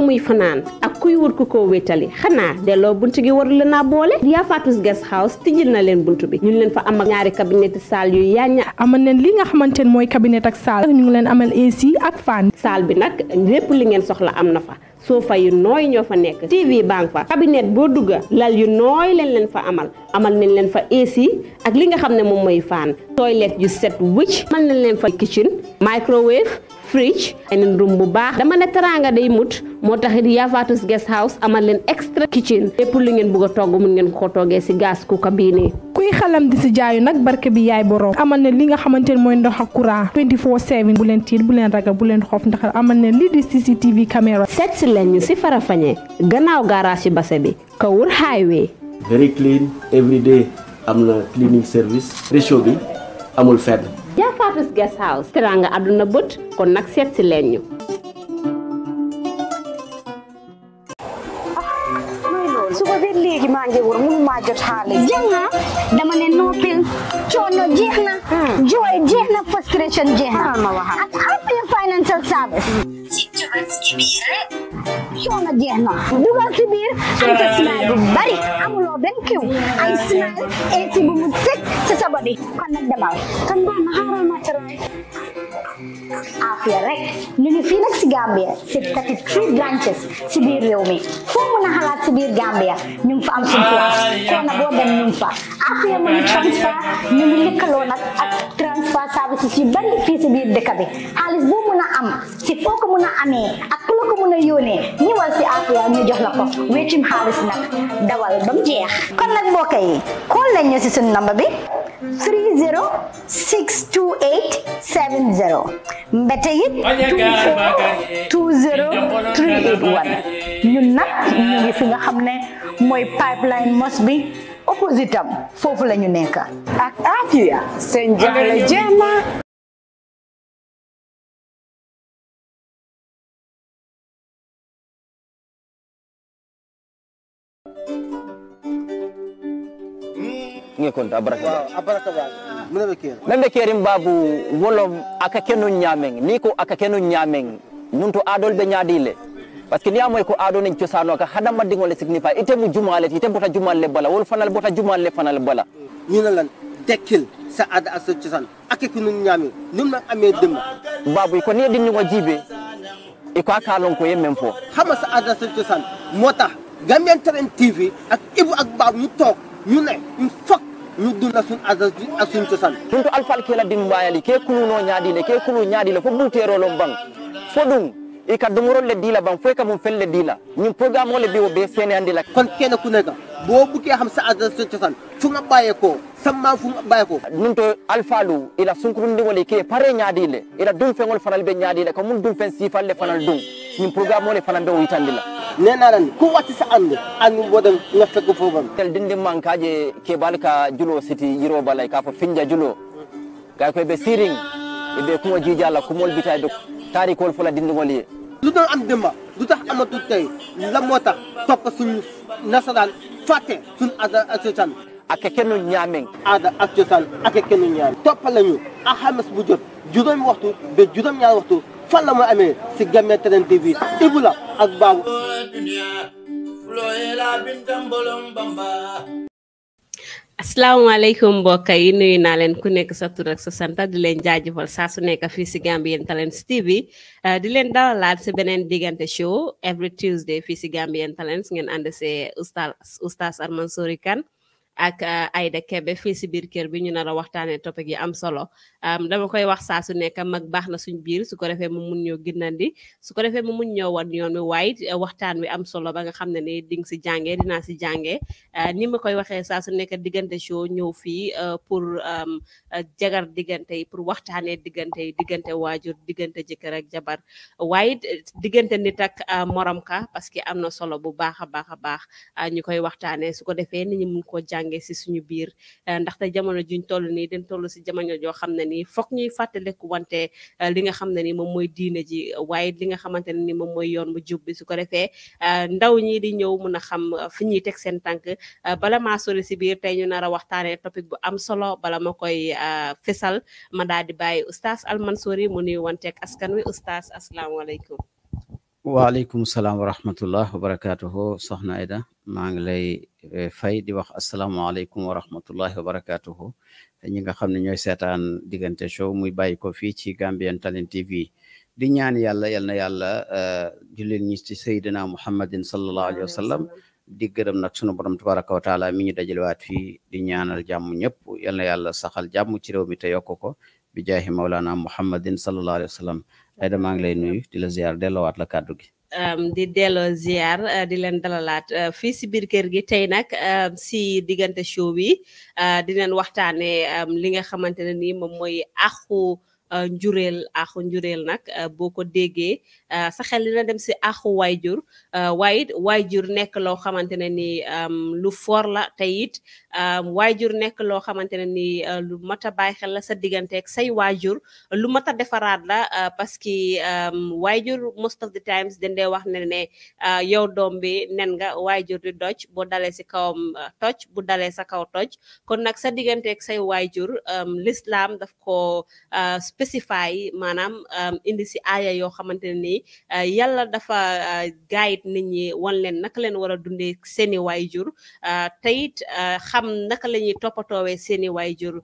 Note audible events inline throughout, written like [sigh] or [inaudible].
fu muy fanaan ak kuy wut ku ko wétali xanaa delloo buntu gi waru leen a boole Yafatus Guest House tijjil na leen buntu bi ñu leen fa am ak ñaari cabinet saal yu yaañña amal leen li nga xamante ne mooy cabinet ak saal ñu ngi leen amal AC ak fan saal bi nag lépp li ngeen soxla am na fa sofa yu nooy ñoo fa nekk TV baa ngi fa cabinet boo dugga lal yu nooy leen leen fa amal amal nañ leen fa AC ak li nga xam ne moom mooy faan toilette yu set wëcc amal nañ leen fa kitchen microwave fridge beneen bu baax dama ne teraanga day mut moo tax taxit Yavaatous Guest House amal leen extra kitchen lépp lu ngeen bëgg a togg mun ngeen ko toggee si gaas ku bii biinee kuy xalam di si jaayu nag barke bi yaay borom amal ne li nga xamante ne mooy ndox ak courant 24 bu leen tiit bu leen ragal bu leen xoof ndax amal ne lii di CCTV caméra seet si leen ñu si Farafenni gannaaw garage yi base bi Kawur highway very clean every day am na cleaning service amul fenn Jaafatus Guest House teraanga àdduna bët kon nag seet si leen ñu. suba ba léegi maa ngi wër mënu maa jot xaalis. jeex na dama ne noppil coono jeex na. Hmm. jooy jeex na frustration jeex na. ak Africa Financial Service. coono jeex na dugal si biir am sa smile bu bari amuloo benn kiw ay smile eesi bu mu sëkk si sa body kon nag demal kon baax na xaaral ma tëraay afia rek ñu ngi fii nag si Gambia si 33 branches si biir réew mi foo mën a xalaat si biir Gambia ñu ngi fa am suñu place koo na boo dem ñu ngi fa afia mu ngi transfert ñu ngi lëkkaloo nag ak social services yu bari fii si biir dëkk bi xaalis boo mun a am si foo ko mun a amee ak ku la ko mun a yónnee ñëwal si Afia ñu jox la ko weccum xaalis nag dawal ba mu jeex kon nag mbokk yi xool lañ ñu si suñu namba bi 3062870 mbete it 2020381 ñun nag ñu ngi fi nga xam ne mooy pipeline mos bi opposite am foofu la ak Afia seen jaale jema ngekonta abaraka abaraka muna membe kerim babu wolom aka kenu ni ko aka kenu nyameng nuntu adol be nyadile parce que ni amoy ko aɗo nen cosano ka haɗa maddigol e signifie itemu jumalete ite bota jumalle bala wol fanal bota jumalle fanal bala na lan dekkil sa ada asa cosan ak ko nun ñami num nan amé dem babu ko ni dinnigo jiibe iko aka lon ko yemmen fo xama sa ada asa cosan mota gambian tren tv ak ibu ak babu ñu tok ñu ne ñu fokk ñu dunda sun azazdi asun cosan tuntu alfal ke la dim dimbayali ke kunu no nyaadi ñaadile ke kunu nyaadi le fo bu tero lo bang fo ɗum i ka domoro le di la ban foyi ka mun fɛn le di la nin programme le bi o bɛɛ sɛnɛyandi la kon kene kunega bo buke hamsa adresse cosan funga baye ko samma funga baye ko nun to alfa lu ila sunkurundiŋol i kee pare ñaadi le ila dum feŋol fanal be ñaadi le ko mun dum feŋ siifal le fanal dum nin programme le fana be o yitandi la nenarani ko watti sa ande anni woɗon ngafteggo fofam tel dindi mankaje kebal ka julo siti yiro balay ka fo finja julo gay koye ɓe siring eɓe kuŋo jiija allah kumol bita ɓe taarikol fola dindigol ye lu doon am démba lu tax amatul tey la moo tax topp suñu nasaraan fàtte suñu aada ak cosaan ake kenn ñaameng aada ak cosaan ake kenn ñaameng toppal lañu alxames bu jot juróomi waxtu ba juróom ñaari waxtu fan la mooy amee si Gambian Talents TV Ibou la ak Babou asalaamaaleykum mbokk yi nuyu naa leen ku nekk sa tur ak sa sant di leen jaajëfal saa su nekk fii si Gambian Talents TV uh, di leen dalalaat si beneen diggante show every Tuesday fii si Gambian Talents ngeen ànd see oustaz oustaz Arman Sori ak uh, Aida Kebe fii si biir kër bi ñu nar a waxtaanee topic yi am solo um, dama koy wax saa su nekk mag baax na suñ biir su ko defee mu mun ñoo ginnandi su ko defee mu mun ñoo wan yoon wi waaye uh, waxtaan wi am solo ba nga xam ne ni ding si jàngee dinaa si jàngee uh, ni ma koy waxee saa su nekk diggante show ñëw fii pour um, jagar diggante pour waxtaanee diggante yi diggante waajur diggante jëkkër ak jabar waaye diggante nit ak morom ka parce que am na solo bu baax a baax a baax ñu koy waxtaanee su ko defee ni ñu mun koo jàng kaaraange si suñu biir eh, ndaxte jamono ñu toll nii den toll si jamono joo xam ne nii foog ñuy fàttaliku wante eh, li nga xam ne ni moom mooy diine ji waaye li nga xamante ne ni moom mooy yoon bu jub bi su ko defee eh, ndaw ñi di ñëw mun a xam fi ñuy teg seen tànk bala maa sori si biir tey ñu nar a waxtaanee topic bu am solo bala ma koy fesal ma daal di bàyyi oustaz Al Mansouri mu nuyu wanteeg askan wi oustaz asalaamaaleykum waaleykum salaam wa rahmatullah wa barakaatuhu soxna Aida maa ngi lay eh, fay di wax asalaamaaleykum wa rahmatullahi wa barakaatuhu ñi nga xam ne ñooy seetaan diggante show muy bàyyi ko fii ci Gambian Talent TV di ñaan yàlla yal na yàlla eh, jullit ñi ci sayyidina muhammadin sallallahu alayhi wa sallam di gërëm nag sunu borom tabaraka wa taala mi ñu dajalewaat fii di ñaanal jàmm ñëpp yal na yàlla saxal jàmm ci réew mi te yokk ko bi jaahi mawlaana muhammadin sallallahu alayhi wa salaam Aida maa ngi lay nuyu di la ziar delloowaat la kàddu gi. di delloo ziar euh, di leen dalalaat euh, fii si biir kër gi tey nag euh, si diggante show bi dinañ waxtaanee li nga xamante ne nii moom mooy àqu njureel àqu njureel nag boo ko déggee. Euh, sa xel dina dem si àqu waayjur euh, waaye it waayjur nekk loo xamante ne ni um, lu foor la te it um, waayjur nekk loo xamante ne ni uh, lu mat a bàyyi xel la sa digganteeg say waajur lu mat a defaraat la uh, parce que um, waayjur most of the times de wax ne ne uh, yow doom bi nen nga waayjur di doj boo dalee si kawam toj bu dalee sa kaw toj kon nag sa digganteeg say waay waayjur l'islam daf ko spécifié maanaam indi si aaya yoo xamante ne ni Euh, yàlla dafa euh, guide nit ñi wan leen naka leen war a dundee seeni waayjur euh, te it xam naka la ñuy toppatoowee seeni waayjur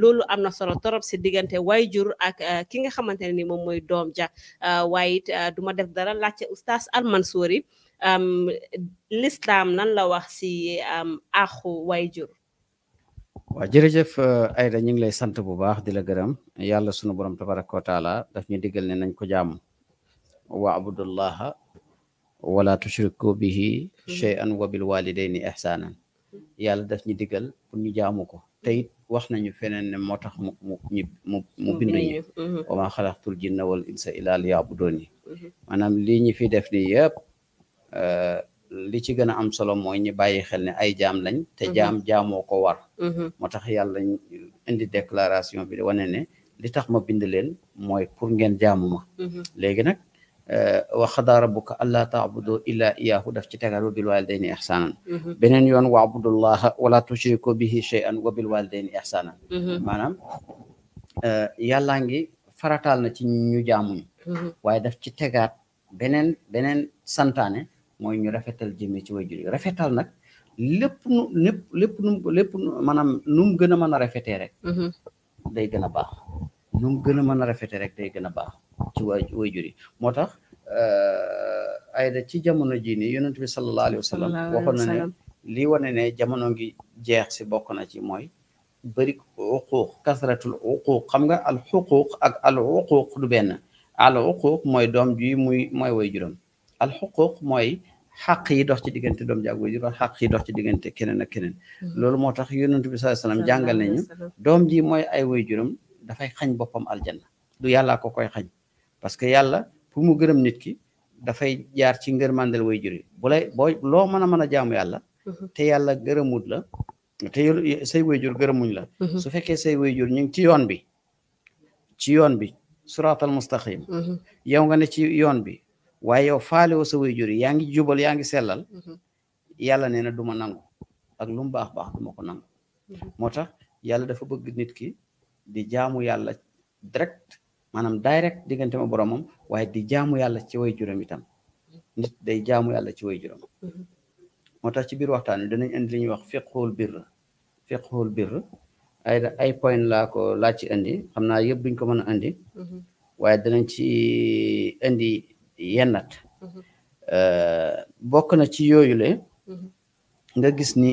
loolu am na solo torop si diggante waayjur ak ki nga xamante ne ni moom mooy doom ja waaye it du ma def dara laajte oustaz Almansouri lislaam nan la wax si àqu waayjur waaw jërëjëf Aida ñu ngi lay sant bu baax di la gërëm yàlla sunu borom tabaraka wa taala daf ñu diggal ne nañ ko jaamu واعبدوا الله ولا tushriku bihi shay'an wa bil walidayni ihsanan yàlla daf ñu digal pour ñu jaamu ko te it wax nañu feneen ne moo tax mu mu mu bindu ñu wa ma xalaqtul jinna wal insa illa liya'buduni maanaam lii ñi fi def ni yëpp li ci gën a am solo mooy ñu bàyyi xel ne ay jaam lañ te jaam jaamoo ko war moo tax yàlla indi déclaration bi wane ne li tax ma bind leen mooy pour ngeen jaamu ma léegi nag Eh, wa xadaa rabbuka allaa taabudu illaa iyaahu daf ci tegal wa bil walidayni ihsaanan mhm. beneen yoon wa abudullaha wala tushriku bihi shay'an wa bil walidayni ihsaanan mhm. maanaam eh, yàllaa ngi farataal na ci ñu jaamuñ mhm. waaye daf ci tegaat beneen beneen santaane mooy ñu rafetal jëmee ci wajur yi rafetal nag lépp nu lépp maanam num lépp nu mu gën a mën a rafetee rek day gën a baax nu mu mën a rafetee rek day gën a baax ci wajur yi moo tax Euh, ayda ci jamono jii ni yonent bi sallallahu alayhi wa sallam waxoon na ne lii wane ne jamono ngi jeex si bokk na ci mooy bëri uquuq kasratul uquuq xam nga al xuquuq ak al uquuq du benn al uquuq mooy doom ji muy mooy way juróom al xuquuq mooy xaq yi dox ci diggante doom ji ak way xaq yi dox ci diggante keneen ak keneen hmm. loolu moo tax yonent bi sallallahu alayhi jàngal nañu doom ay way juróom dafay xañ boppam aljanna du yàlla ko koy xañ parce que yàlla pour mu gërëm nit ki dafay jaar ci ngërmandel way juri bu loo mën a a jaamu yàlla mhm. te yàlla gërëmut la te say wayjur gërëmuñ la mhm. su fekkee say wayjur ñu ngi ci yoon bi ci yoon bi siraatal mustaqim mhm. yow nga ne ci yoon bi waaye yow faale woo sa wayjur yaa ngi jubal yaa ngi sellal yàlla nee na du ma nangu ak lu mu baax baax du ko nangu moo tax yàlla dafa bëgg nit ki di jaamu yàlla direct maanaam direct diggante ma boromam waaye di jaamu yàlla ci way juróom itam nit day jaamu yàlla ci way juróom moo tax ci biir waxtaan wi danañ indi li ñuy wax fiqhul birr fiqhul birr ay ay point laa ko laa ci indi xam naa yëpp duñ ko mën a andi waaye danañ ci indi yennat euh, bokk na ci yooyule nga gis ni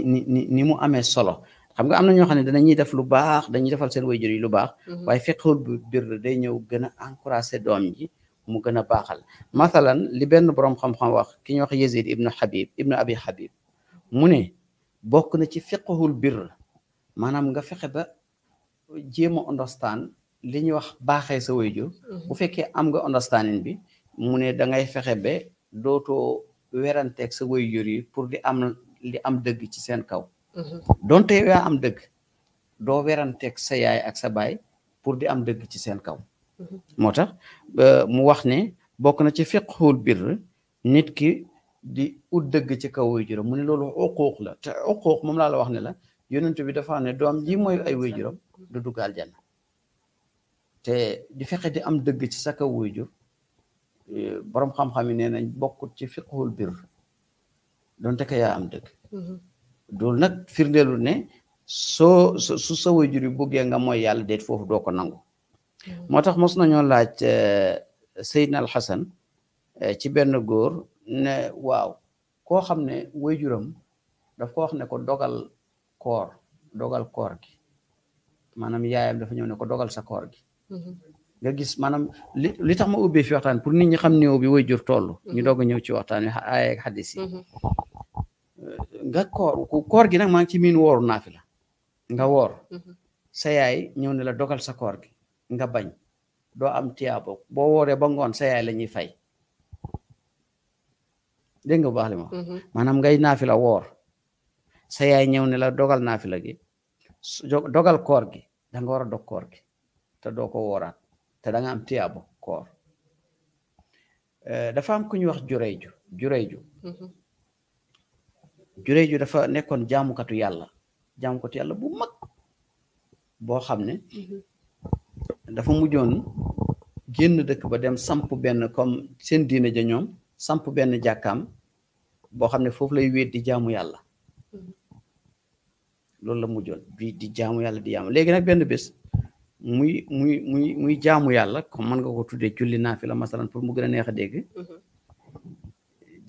ni mu amee solo xam nga am na ñoo xam ne danañuy def lu baax dañuy defal seen way jur yi lu baax mhm. waaye fiqhul bir day ñëw gën a encouragé doom ji mu gën a baaxal mathalan li benn borom xam-xam wax ki ñuy wax Yazid ibnu Habib ibnu Abi Habib mu ne bokk na ci fiqhul bir maanaam nga fexe ba jéem a understand li ñuy wax baaxee sa jur mhm. bu fekkee am nga understanding bi mu ne da ngay fexe ba dootoo weranteeg sa wayjur yi pour di am li am dëgg ci seen kaw Mm-hmm. donte yow yaa am dëgg doo weranteeg sa yaay ak sa baay pour di am dëgg ci seen kaw. Mm-hmm. moo tax euh, mu wax ne bokk na ci fiqhul biir nit ki di ut dëgg ci kaw waajuram mu ne loolu uquuq la te uquuq moom laa la wax ne la yonent bi dafa ne doom ji mooy ay waajuram du dugg aljanna te di fexe di am dëgg ci sa kaw waajur euh, borom xam-xam yi ne nañ bokkut ci fiqhul bir donte ka yaa am dëgg. Mm-hmm. dool nag firndeelu ne soo su sa waajur yi buggee nga mooy yàlla déet foofu doo ko nangu mm-hmm. moo tax mos nañoo laaj eh, Seydina Al eh, ci benn góor ne waaw koo xam ne waajuram daf ko wax ne ko dogal koor dogal koor gi maanaam yaayam dafa ñëw ne ko dogal sa koor gi mm-hmm. nga gis maanaam li li tax ma ubbee fi waxtaan pour ni ñi xam néew bi waajur toll ñu mm-hmm. doog a ñëw ci waxtaan wi ay ak nga koor koor gi nag maa ngi ci miin wooru naa fi nga woor mhm. sa yaay ñëw ne la dogal sa koor gi nga bañ doo am tiyaabo boo wooree ba ngoon sa yaay la fay dégg nga bu baax li mhm. maanaam ngay naafi la woor sa yaay ñëw ne la dogal naafi la gi dogal koor gi danga nga war a dog koor gi te doo ko wooraat te danga nga am tiyaabo koor eh, dafa am ku ñuy wax juray ju ju dafa nekkoon jaamukatu yàlla jaamukatu yàlla bu mag boo xam ne mhm. dafa mujjoon génn dëkk ba dem samp benn comme seen diine ja ñoom samp benn jàkkaam boo xam ne foofu lay wéet di jaamu yàlla mhm. loolu la mujjoon di di jaamu yàlla di jaamu léegi nag benn bés muy muy muy muy jaamu yàlla comme mën nga ko tuddee julli naa fi la masalan pour mu gën a neex a dégg mhm.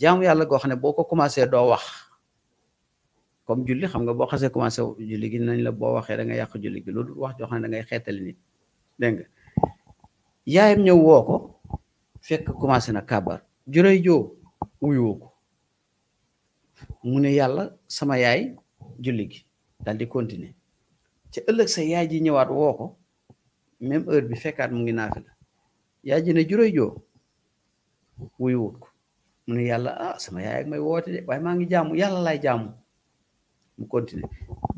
jaamu yàlla goo xam ne boo ko commencé doo wax comme julli xam nga boo xasee commencé julli gi nañ la boo waxee da nga yàq julli gi loolu wax joo xam ne da ngay xeetali nit dégg ñëw woo ko fekk commencé na kàbbar jurey joo wuyoo ko mu ne yàlla sama yaay julli gi daal di continuer ci ëllëg sa yaay ji ñëwaat woo ko même heure bi fekkaat mu ngi naafi la ji ne jurey joo wuyuwut ko yàlla ah, sama yaay ak may woote de waaye maa ngi jaamu yàlla laay jaamu mu continuer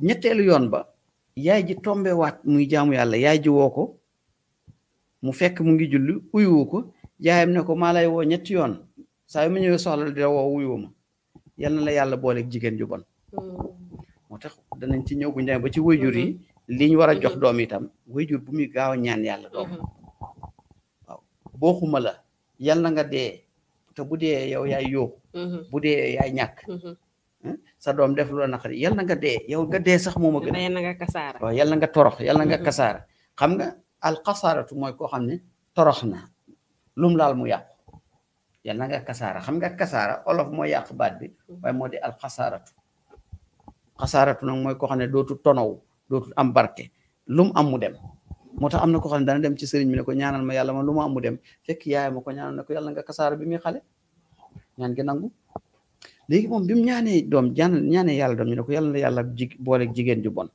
ñetteelu yoon ba yaay ji tombe muy jaamu yàlla yaay ji woo ko mu fekk mu ngi julli uyuwu ko yaayam ne ko maa lay woo ñetti yoon saa yu ma ñëwee soxla di la woo uyuwu ma yal na la yàlla booleeg jigéen ju bon mm-hmm. moo tax danañ ci ñëw bu ñu ba ci wayjur yi mm-hmm. liñ war a jox mm-hmm. doom itam wayjur bu muy gaaw a ñaan yàlla doom waaw boo xuma la yal na nga dee te bu dee yow yaay yóoxu bu dee yaay ñàkk sa doom def lu la na nga dee yow nga dee sax moom a gën yal na nga torox yal na nga kasaara xam nga alxasaaratu mooy koo xam ne torox na lum laal mu yàqu yal na nga kasaara xam nga kasaara olof moo yàq baat bi waaye moo di alxasaaratu xasaaratu nag mooy koo xam ne dootul tonaw dootul am barke lum am mu dem moo tax am na ko xam ne dana dem ci sëriñ mi ne ko ñaanal ma yàlla ma lu ma am mu dem fekk yaay ma ko ñaanal ne ko yàlla nga kasaara bi muy xale ñaan gi nangu léegi moom bi mu ñaanee doom jaan ñaanee yàlla doom ñu ne ko yàlla na yàlla booleek jigéen ju bon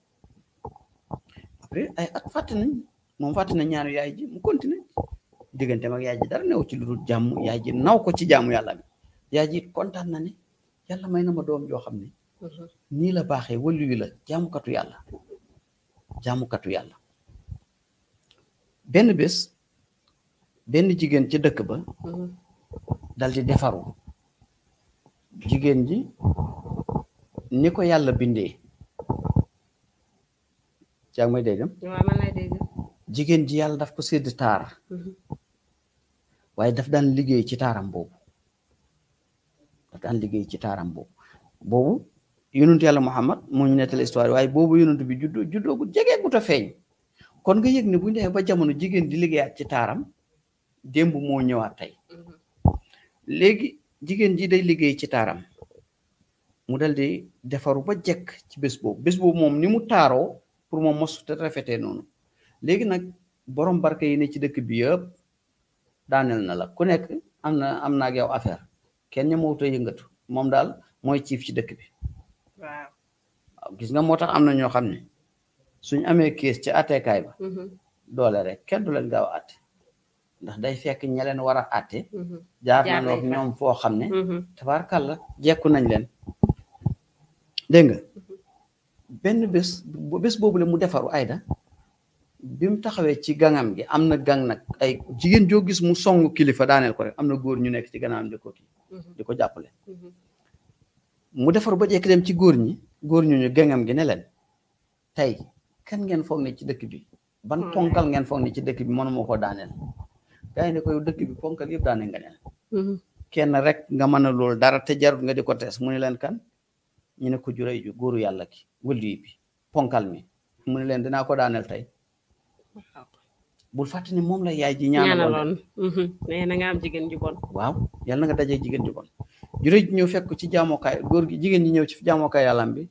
après ay at fàtte nañ moom fàtte na ñaanu yaay ji mu continue diggante mag yaay ji dara newu ci lu dul jàmm yaay ji naw ko ci jàmm yàlla bi yaay ji kontaan na ne yàlla may na ma doom joo xam ne mhm. nii la baaxee wallu yu la jaamukatu yàlla jaamukatu yàlla benn bés benn jigéen ca dëkk ba mhm. dal di defaru jigéen ji ni ko yàlla bindee yaa ngi may dégg jigéen ji yàlla daf ko sedd taar mm-hmm. waaye daf daan liggéey ci taaram boobu daf daan liggéey ci taaram boobu boobu yonent yàlla Muhammad moo ñu nettali histoire waaye boobu yonent bi juddoo juddoo gu jege gu ta feeñ kon nga yëg ne bu ñu demee ba jamono jigéen di liggéeyaat ci taaram démb moo ñëwaat tey mm-hmm. jigéen ji day liggéey ci taaram mu dal di defaru ba jekk ci bés boobu bés boobu moom ni mu taaroo pour moom mos te rafetee noonu léegi nag borom barke yi ne ci dëkk bi yëpp daaneel na la ku nekk am na am na yow affaire kenn ñemewut a moom daal mooy ciif ci dëkk bi. waaw gis nga moo tax am na ñoo xam ne suñ amee kees ci àtteekaay ba. Mm-hmm. doole rek kenn du leen gaaw at ndax day fekk ñeleen war a àtte mhm. jaar nanoog ñoom foo xam ne mhm. la jekku nañ leen dégg nga mhm. benn bés bés boobu le mu defaru ayda bi mu taxawee ci gangam gi am na gang nag ay jigéen joo gis mu song kilifa daaneel ko rek am na góor ñu nekk ci gannaawam di ko kii di jàppale mu defaru ba jekk dem ci góor ñi góor ñu ñu gangam gi ne leen tey kenn ngeen foog na ci dëkk bi ban hmm. ponkal ngeen foog ne ci dëkk bi mënuma ko daaneel gaa yi ne ko dëkk bi ponkal yëpp daane nga ñaan mm-hmm. kenn rek nga mën a lool dara te jarut nga de ko tees mu ne leen kan ñu ne ko juray ju góoru yàlla ki wëllu bi ponkal mi mu ne leen dinaa ko daaneel tey bul fàtte ni moom la yaay ji ñaanaloon mm-hmm. nee na nga am jigéen ju waaw yàlla na nga jigéen ju bon juray ñëw fekk ci jaamokaay góor gi jigéen ñi ñëw ci jaamokaay yàllam bi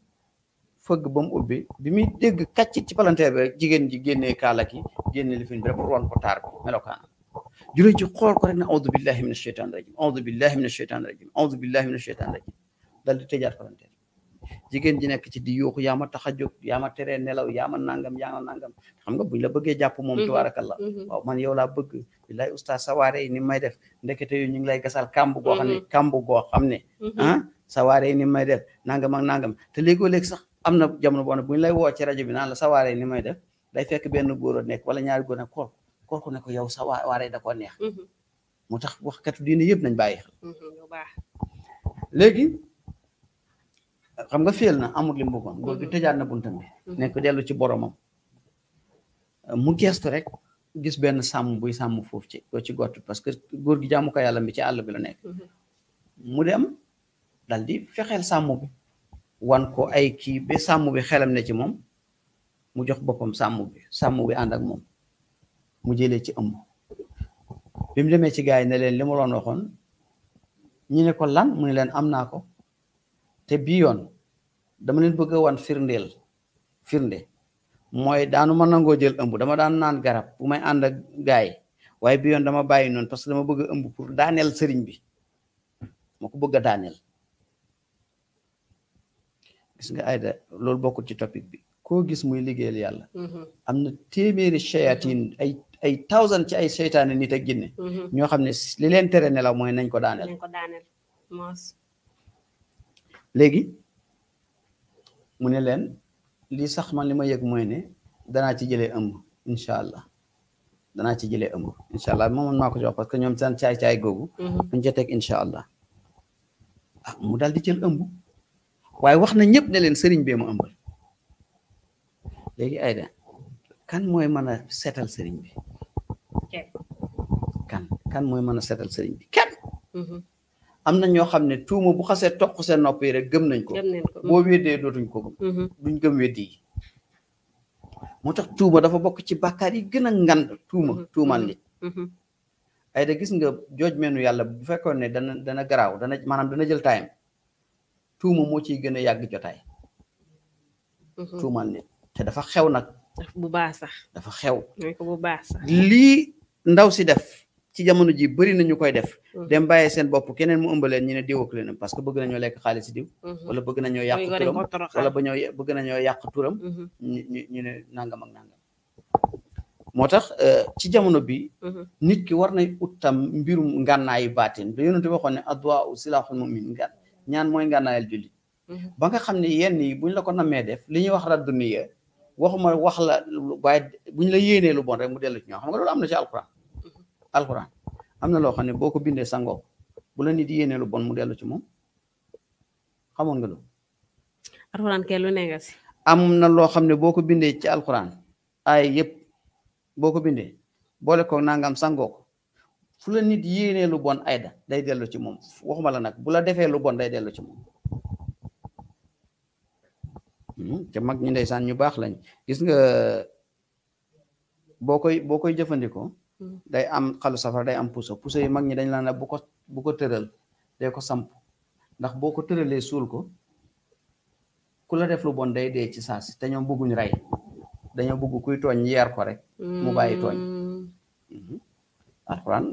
fëgg ba mu ubbi bi muy dégg kàcc ci palanteer bi rek jigéen ji génnee kaala ki génne lifin bi rek pour ko taar bi melokaanam جلوی جو قول کرے نا اعوذ باللہ من الشیطان الرجیم اعوذ باللہ من الشیطان الرجیم اعوذ باللہ من الشیطان الرجیم دل تجار کرن تے جیگن جی نک چی دیو کو یاما تخجو یاما تری نلو یاما نانگم یاما نانگم خم گا بولا بگے جاپ موم تبارک اللہ واو من یولا بگ بلای استاد سواری نی مای دف نکتے یو نینگ لای گسال کامبو گو خنے کامبو گو خمنے ہاں سواری نی مای دف نانگم نانگم تلیگو امنا جامنو بوانا بولا وو اچرا جبنا لسواری نی مای دف لای فیک بینو ولا نیار گورو نیک kooku ne ko yow sa waa waaree da koo neex mhm. mu tax waxkatu diine yëpp nañ bàyyi xel mhm, léegi xam nga féel na amul li mu bëggoon gi mhm. tëjaat na buntam bi nekk dellu ci boromam mu geestu rek gis benn sàmm buy sàmm foofu ci ko ci gott parce que góor gi jàmmu ko yàlla mi ci àll bi la nekk mu dem dal di fexeel sàmm bi wan ko ay kii ba sàmm bi xelam ne ci moom mu jox boppam sàmm bi sàmm bi ànd ak moom mu jëlee ci ëmb bim démé ci gaay yi leen li mu loon waxoon ko lan mu né leen amna ko te bi yoon dama leen bëgg wan firndeel firnde mooy daanu ma nangoo jël ëmb dama daan naan garab bu may and ak gaay way bi yoon dama bayyi non parce que dama bëgg a ëmb pour daanel sëriñ bi mako bëgg daanel gis nga da lool bokku ci topic bi ko gis muy liggéeyal yalla mm-hmm. amna téméré shayatin ay ay thousand ci ay seytaane nit ak jinne mhm. ñoo xam ne li leen tere nelaw mooy nañ ko daaneel léegi mu ne leen li sax man li ma yëg mooy ne danaa ci jëlee ëmb incha allah danaa ci jëlee ëmb incha allah moom maa ko ci parce que ñoom seen caay-caay googu mhm. dañ ca teg incha allah ah, mu daal di jël ëmb waaye wax na ñëpp ne leen sëriñ bee mu ëmbal léegi ayda kan mooy mën a seetal sëriñ bi kan mooy mën a seetal sëriñ bi kenn mhm. am na ñoo xam ne tuuma bu xasee toq seen nopp yi gëm nañ ko boo weddee dootuñ ko gëm mhm. duñ gëm weddi moo tax tuuma dafa bokk ci bàkkaar yi gën a ngand tuuma mhm. tuumal nit ay da gis nga jooj meenu yàlla bu fekkoon ne dana dana garaaw dana maanaam dana jël taayam tuuma moo ci gën a yàgg jotaay tuumal nit te dafa xew nag bu baax sax dafa bu baax sax lii ndaw si def ci jamono ji bëri nañu koy def mm-hmm. dem bàyyee seen bopp keneen mu ëmbaleen ñu ne diw ak leneen parce que bëgg nañoo lekk xaalis diw mm-hmm. wala bëgg nañoo yàq turam wala bañoo bëgg nañoo yàq turam mm-hmm. ñu ne nangam moo tax euh, ci jamono bi nit ki war nay uttam mbirum ngànnaayu baatin da yonente waxoon ne adduwaa u silaaxul mu'min ngan ñaan mooy ngànnaayal jullit ba nga xam ne yenn yi buñ la ko namee def li ñuy wax raddu niya waxuma wax la waaye buñ la yéenee lu bon rek mu dellu ci ñoo xam nga loolu am na ci alquran alxuraan am na loo xam ne boo ko bindee sangoo bu la nit yéene lu bon mu dellu ci moom xamoon nga loolu. alxuraan kay lu ne nga si. am na loo xam ne boo ko bindee ci alxuraan ay yëpp boo ko bindee boole ko nangam sangoo ko fu la nit yéenee lu bon ayda day dellu ci moom waxuma la nag bu la defee lu bon day dellu ci moom. Hmm, te mag ñi ndeysaan ñu baax lañ gis nga boo koy boo koy jëfandikoo. day am xalu safara day am puso puso yi mag ñi dañ la ne bu ko bu ko tëral day ko samp ndax boo ko tëralee suul ko ku la def lu bon day dee ci saasi te ñoom bëgguñ rey dañoo bëgg kuy tooñ yeer ko rek mu bàyyi tooñ mm. mm-hmm. alquran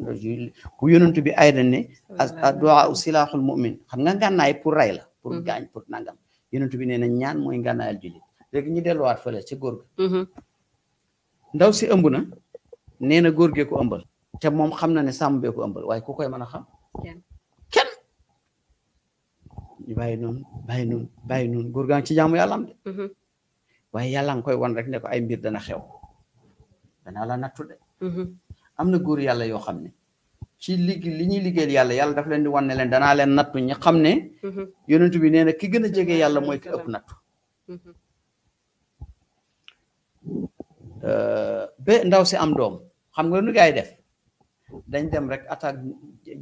ku yonent bi ay ne addu'a silaaxul mu'min xam nga ngànnaay pour rey la pour mm-hmm. gaañ pour nangam yonent bi nee na ñaan mooy ngànnaayal jullit léegi ñu delluwaat fële ci góor mm-hmm. ndaw si ëmb na nee na góor gee ko ëmbal te moom xam na ne sàmm bee ko waaye ku koy mën a xam kenn ñu bàyyi noonu bàyyi noonu bàyyi góor gaa ci jaamu yàlla am de mm-hmm. waaye yàlla koy wan rek ne ko ay mbir dana xew danaa la nattu mm-hmm. na góor yàlla yoo xam ne ci liggéey li ñuy liggéeyal yàlla yàlla daf leen di wan leen danaa leen nattu ñi xam ne mm-hmm. yonent nee na ki gën a jege yàlla mooy ki ëpp nattu euh, ba ndaw si am doom xam nga nu gars yi def dañ dem rek attaque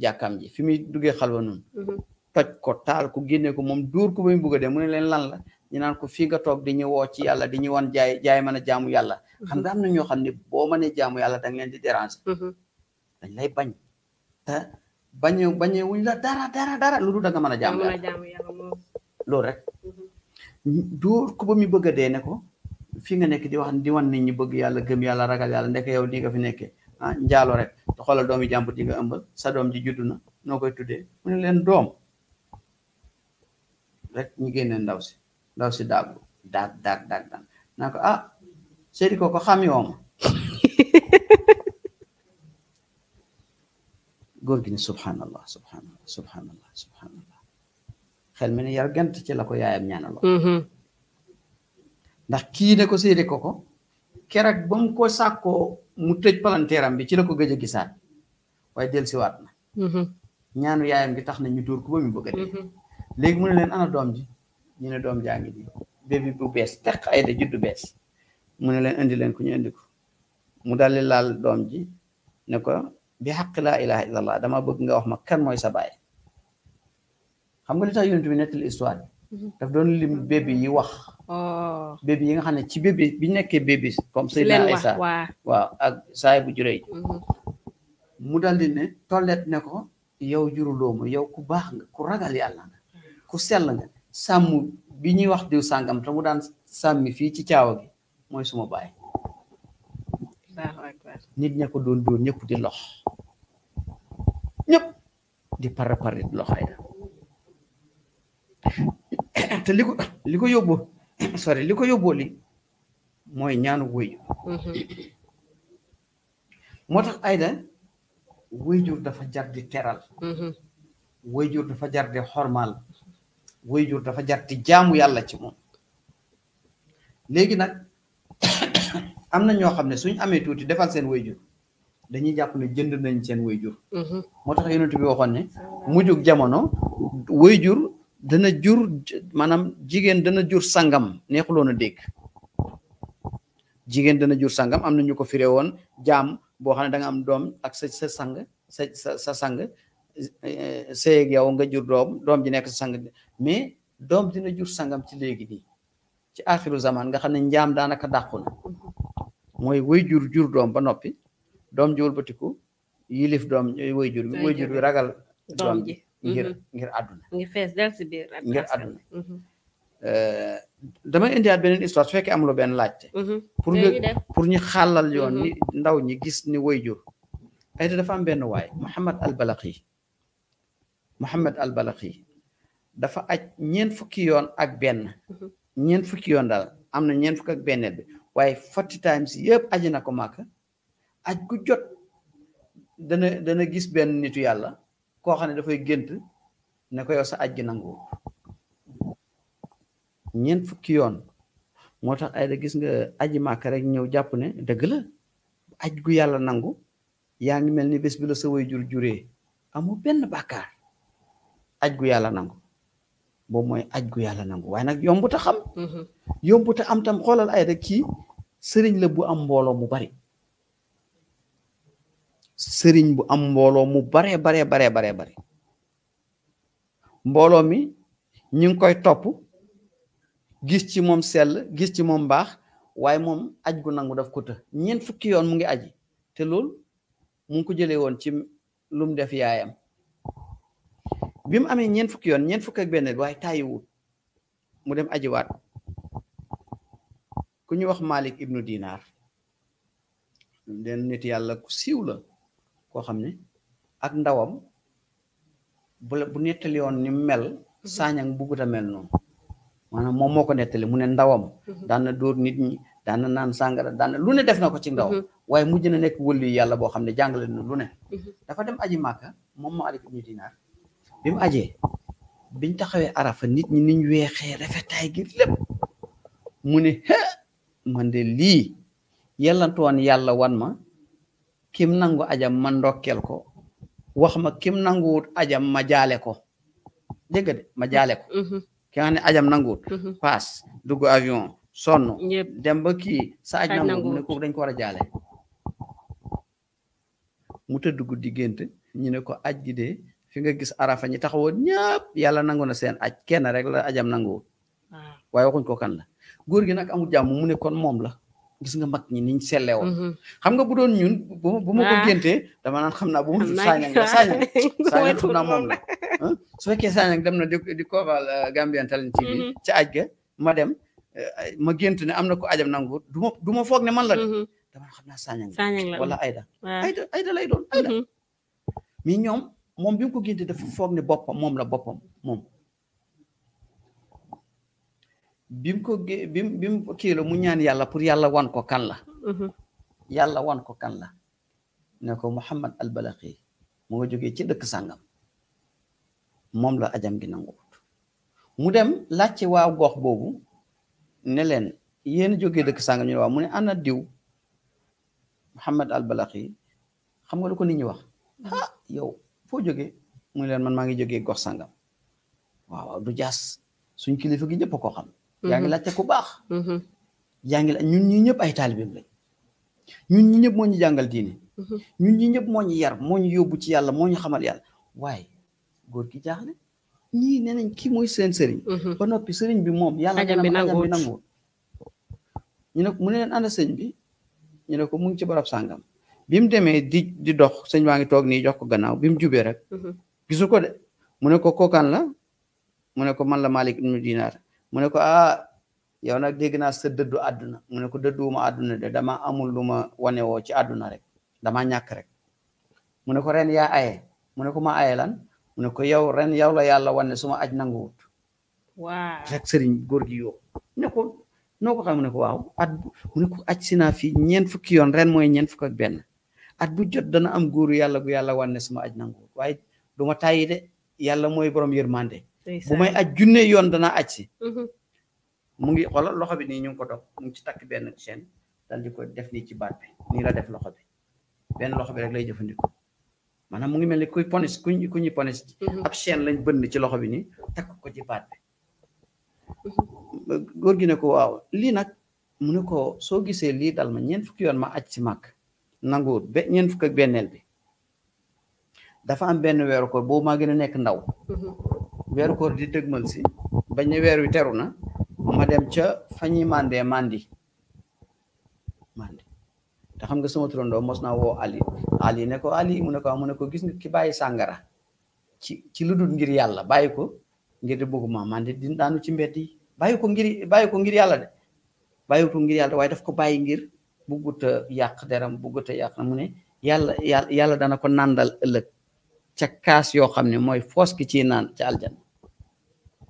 jàkkaam ji fi muy duggee xalwa noonu mhm. toj ko taal ku génne ko moom duur ko ba mu bugg a dem mu ne leen lan la ñu naan ko fii nga toog di ñu woo ci yàlla di ñu wan jaay jaay mën a jaamu yàlla mhm. xam nga am na ñoo xam ne boo mënee jaamu yàlla da nga leen di déranger mhm. dañ lay bañ te bañe bañe wuñ la da nga mën a jaamu yàlla loolu rek duur ko ba mu bëgg a dee ne ko fii nga nekk di wax di wan nit ñi bëgg yàlla gëm yàlla ragal yàlla ndek yow di nga fi nekkee ah njaalo rek te xoolal doomi jàmbur di nga ëmbal sa doom ji juddu na noo koy tuddee mu ne leen doom rek ñu génne ndaw si ndaw si daagu daag daag daag daan naa ko ah séeri ko ko xam góor gi ni subhanallah subhanallah subhanallah subhanallah xel mi ne yar gent ci la ko ndax kii négocié ko ko keroog ba mu ko sàkkoo mu tëj palanteeram bi ci la ko gëj a gisaat waaye dellusiwaat na. Mm-hmm. ñaanu yaayam gi tax na ñu dóor ko ba mu bëgg a dee. Mm-hmm. léegi mu ne leen ana doom ji ñu ne doom jaa ngi nii bébé bu bees teq ay da juddu bees mu ne leen indi leen ku ñu indi ko mu daal di laal doom ji ne ko bi xaq laa ilaha illallah dama bëgg nga wax ma kan mooy sa baay xam nga li tax yonent bi nettali histoire mm-hmm. daf doon lim bébé yi wax. Oh. bébé yi nga xam ne ci bébé bi nekkee bébé comme Seydina Isa waaw ak saay bu juree mhm. mu dal di ne tollet ne ko yow juruloo yow ku baax nga ku ragal yàlla nga ku sell nga sàmm bi ñuy wax diw sàngam te mu daan sàmmi fii ci caawa gi mooy suma baay nit ña ko doon doon ñëpp di lox ñëpp di pare pare di loxay [coughs] te li ko li [coughs] sore li ko yóbbooli mooy ñaanu wéyjur mm-hmm. moo tax ayda wéyjur dafa jar di teral mm-hmm. wéyjur dafa jar di xormaal wéyjur dafa jar di jaamu yàlla ci moom léegi nag [coughs] am na ñoo xam ne suñ amee tuuti defal seen wéyjur dañuy jàpp ne jënd nañ seen wéyjur mm-hmm. moo tax yonent bi waxoon ne mujjug jamono wéyjur dana jur maanaam jigéen dana jur sangam neexuloon a dégg jigéen dana jur sangam am na ñu ko firee woon jaam boo xam ne da am doom ak sa sang sa sa sa sang eh, seeg yow nga jur doom doom ji nekk sa sang mais doom dina jur sangam ci léegi nii ci axiru zaman nga xam ne njaam daanaka dàqu mooy way jur jur doom ba noppi doom ji wëlbatiku yilif doom way jur bi way ragal doom ji ngir mm-hmm. ngir àdduna. ngir fees del si biir ngir àdduna. Mm-hmm. Eh, damay beneen histoire su fekkee amuloo benn laajte. Mm-hmm. pour nga pour ñu xàllal yoon ni ndaw ñi gis ni wayjur ay dafa am benn waay Mouhamed Albalaqi Mouhamed Albalaqi dafa aj ñeent fukki yoon ak benn. ñeent fukki yoon daal am na ñeent fukk ak benn bi waaye forty times yëpp aji na ko màkk aj ku jot dana dana gis benn nitu yàlla. koo xam ne dafay gént ne ko yow sa aj gi nangu ñeent fukki yoon moo tax ay da gis nga aji màkk rek ñëw jàpp ne dëgg la aj gu yàlla nangu yaa ngi mel ni bés bi la jur jure amoo benn bàkkaar aj gu yàlla nangu boobu mooy aj gu yàlla nangu waaye nag yombuta xam mm-hmm. yombuta am tam xoolal ay da kii sëriñ la bu am mbooloo mu bari serigne bu am mbolo mu bare bare bare bare bare mbolo mi ñing koy top gis ci mom sel gis ci mom bax waye mom aj gu nangu daf ko te ñen fukki yoon mu ngi aji te lool mu ngi ko jele won ci lum def yaayam bim amé ñen fukki yoon ñen fukk ak benn tayi wu mu dem aji ajiwaat ku ñu wax Malik ibnu Dinar den nit yalla ku siwla koo xam ne ak ndawam bu la bu nettali woon ni mel mhm. sañang bu a mel noonu maanaam moom moo ko nettali mu ne ndawam mhm. daan na dóor nit ñi daan na naan sàngara daan na lu ne def na ko ci ndaw mhm. waaye mujj na nekk wëllu yàlla boo xam ne jàngale na lu ne dafa dem aji màkka moom Maalik ibnu Dinaar bi mu ajee biñ taxawee arafa nit ñi niñ weexee rafetaay gi lépp mu ne man de lii yellantoon yàlla wan ma kim nangu aja mandokel ko wax ma kim nangu ajam ma ko dégg de ma ko mhm. ki nga ne ajam nangu mhm. pass dugu avion sonu dem ba nanggo, sa aja nangu ne ko dañ ko wara jale mu tëdd guddi gént ñu ne ko aj de fi nga gis arafa ñi taxawoon ñëpp yalla nangu na sen aj kenn rek la ajam nangu ah. waaye waxuñ ko kan la gor gi nak amu jamm mu ne kon mom la gis nga mag ñi niñ sellewoon mhm. xam nga bu doon ñun bu ma ko ah. géntee dama naan xam naa bu ma jur saañang la [laughs] saañang saañang moom la su fekkee saañang dem na di di kooval euh, Gambian Talents TV mhm. aj ga ma dem euh, ma gént ne am na ko ajam nangu du ma foog ne man la de mhm. dama naan xam naa saañang la wala ayda ayda ah. lay doon ayda mi ñoom moom bi mu dafa foog ne boppam moom la boppam moom bi mu ko gé bi mu mu ñaan yàlla pour yàlla wan ko kan la mm-hmm. yàlla wan ko kan la ne ko Muhammad al-Balaqi mu nga jógee ci dëkk sàngam moom la ajam gi nanguwut mu dem laajte waa gox boobu ne leen yéen jógee dëkk sàngam ñu ne mu ne ana diw Muhammad al-Balaqi xam nga lu ko nit ñi wax mm-hmm. ah yow foo jógee mu ne leen man maa ngi jógee gox sàngam waaw du jaas suñ kilifa gi ñëpp ko xam yaa ngi mhm. laajte ku baax mhm. yaa ngi la ñun ñi ñëpp ay taalibeem lañ ñun ñëpp moo ñu jàngal diine mhm. ñun ñi ñëpp moo ñu yar moo ñu yóbbu ci yàlla moo ñu xamal yàlla waaye góor gi jaaxle ñii nee nañ kii mooy seen sëriñ ba noppi sëriñ bi moom yàlla ajam bi nanguwul ñu ne mu ne leen ànd bi ñu ne ko mu ngi ci barab sàngam bi mu demee di di dox sëñ waa ngi toog nii jox ko gannaaw bi mu jubee rek gisu ko de mu ne ko kookaan la mu ne ko man la Malik ibnu Dinaar mu ne ko ah yow nag dégg naa sa dëddu àdduna mu ne ko dëdduwuma àdduna de dama amul lu ma wane woo ci àdduna rek dama ñàkk rek mu ne ko ren yaa aye mu ne ko ma aye lan mu ne ko yow ren yow la yàlla wane suma aj nanguwut waaw rek sëriñ góor gi ko xam ne ko waaw ko aj si naa fii ñeent fukki yoon ren mooy ñeent benn at bu jot dana am góoru yàlla gu yàlla wane suma aj nanguwut waaye duma tàyyi de yàlla mooy borom yërmande bu may aj junne yon dana aj ci mhm. mu ngi xol loxo bi ni ñu ko dog mu ci tak ben chaîne dal di ko def ni ci baat bi ni la def loxo bi ben loxo bi rek lay manam mu ngi melni kuy ponis ku kuy ponis mhm. ab chaîne lañ bënd ci loxo bi ni Tak ko ci baat bi mhm. góor gi ne ko waaw li nak mu ne ko so gisee li dal ma ñen fukki yon ma aj ci mak nanguwut be ñen fukk ak benel bi dafa am ben ko bo ma gëna nek ndaw weeru ko di dëgmal si bañ ne weer wi teru na dem ca fa ñuy màndi mandi te xam nga sama turandoo mos na woo Ali Ali ne ko Ali mu ne ko mu ne ko gis nga ki bàyyi sàngara ci ci lu dul ngir yàlla bàyyi ko ngir di bëgguma di daanu ci mbedd yi bàyyi ko ko ngir yàlla de bàyyi yàlla waaye daf ko bàyyi ngir buggut a yàq deram buggut a yàq mu ne yàlla dana ko nàndal ëllëg ca kaas yoo xam ne mooy foos ki ci naan ca aljana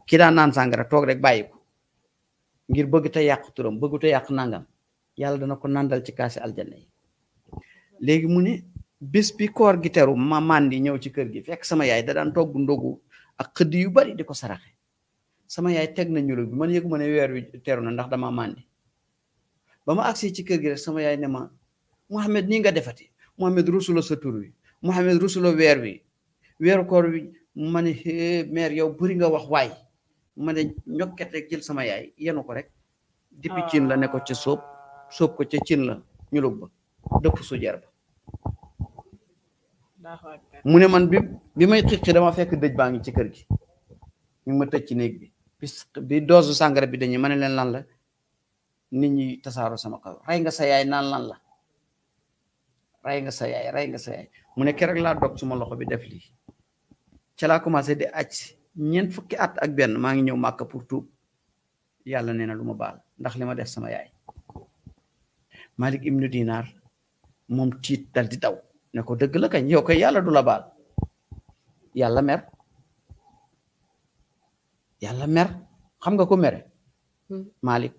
Kira nan sangara tok rek bayiko ngir bëgg te yaq turam bëgg te yaq nangam yalla dana ko nandal ci kasse aljanna legi mu ne bes bi koor gi teru ma mandi ñew ci kër gi fekk sama yaay da dan tok ndogu ak xëd yu bari di saraxé sama yaay tek na ñulo bi man yëgu mané wër wi teru na ndax dama mandi ba ci kër gi rek sama yaay ne ma Muhammad ni nga defati Muhammad rasulullah sa tur wi muhammad rasulullah wër wi wër koor wi mané mère yow bëri nga wax way ma ne ñokket rek jël sama yaay yenu ko rek depuis cin la ne ko ca sóob sóob ko ca cin la ñu lub ba dëpp sujeer ba mu ne man bi bi may xiqi dama fekk dëj baa ngi ci kër gi ñu ma tëj ci néeg bi bis bi doosu sàngara bi dañuy mane leen lan la nit ñi tasaaroo sama kaw rey nga sa yaay naan lan la rey nga sa yaay rey nga sa mu ne keroog laa dog suma loxo bi def lii ca laa commencé di aj ñeent fukki at ak benn maa ngi ñëw màkka pour tuub yàlla nee na lu ma baal ndax li ma def sama yaay malik ibnu dinar moom tiit dal di daw ne ko dëgg la kañ yow kay yàlla du la baal yàlla mer yàlla mer xam nga ko mere hmm. malik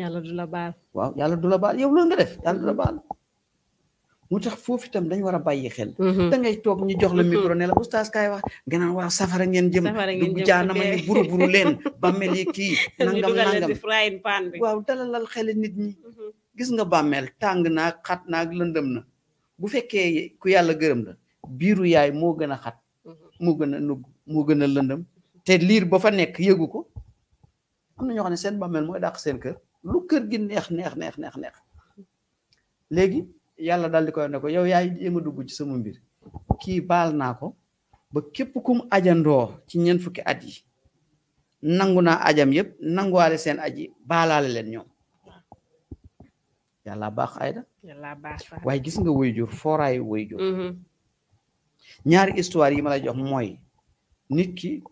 yàlla du baal waaw yàlla du la baal yow loolu nga def yàlla du baal moo tax foofu tam dañ war a bàyyi xel mhm. da ngay toog ñu jox la mhm. micro ne la oustaz kaay wax gannaaw waaw safara ngeen jëm dugg jaanama ñu buru buru leen bàmmeel yi kii [laughs] nangam nangam waaw dalalal xeli nit ñi mhm. gis nga bàmmeel tàng naag xat naag lëndëm na bu fekkee ku yàlla gërëm la biiru yaay moo gën a xat moo gën a nugg moo gën a lëndëm te liir ba fa nekk yëgu ko am na ñoo xam ne seen bàmmeel mooy dàq seen kër lu kër gi neex neex neex neex neex yàlla daal di koy ne ko yow yaay yëngu dugg ci sama mbir kii baal naa ko ba képp kum ajandoo ci ñeent fukki at yi nangu naa ajam yëpp nanguwaale seen aji baalaale leen ñoom yàlla baax ayda yàlla baax gis nga woy jur fooraay mm-hmm. ñaari histoire yi ma lay jox mooy nit ki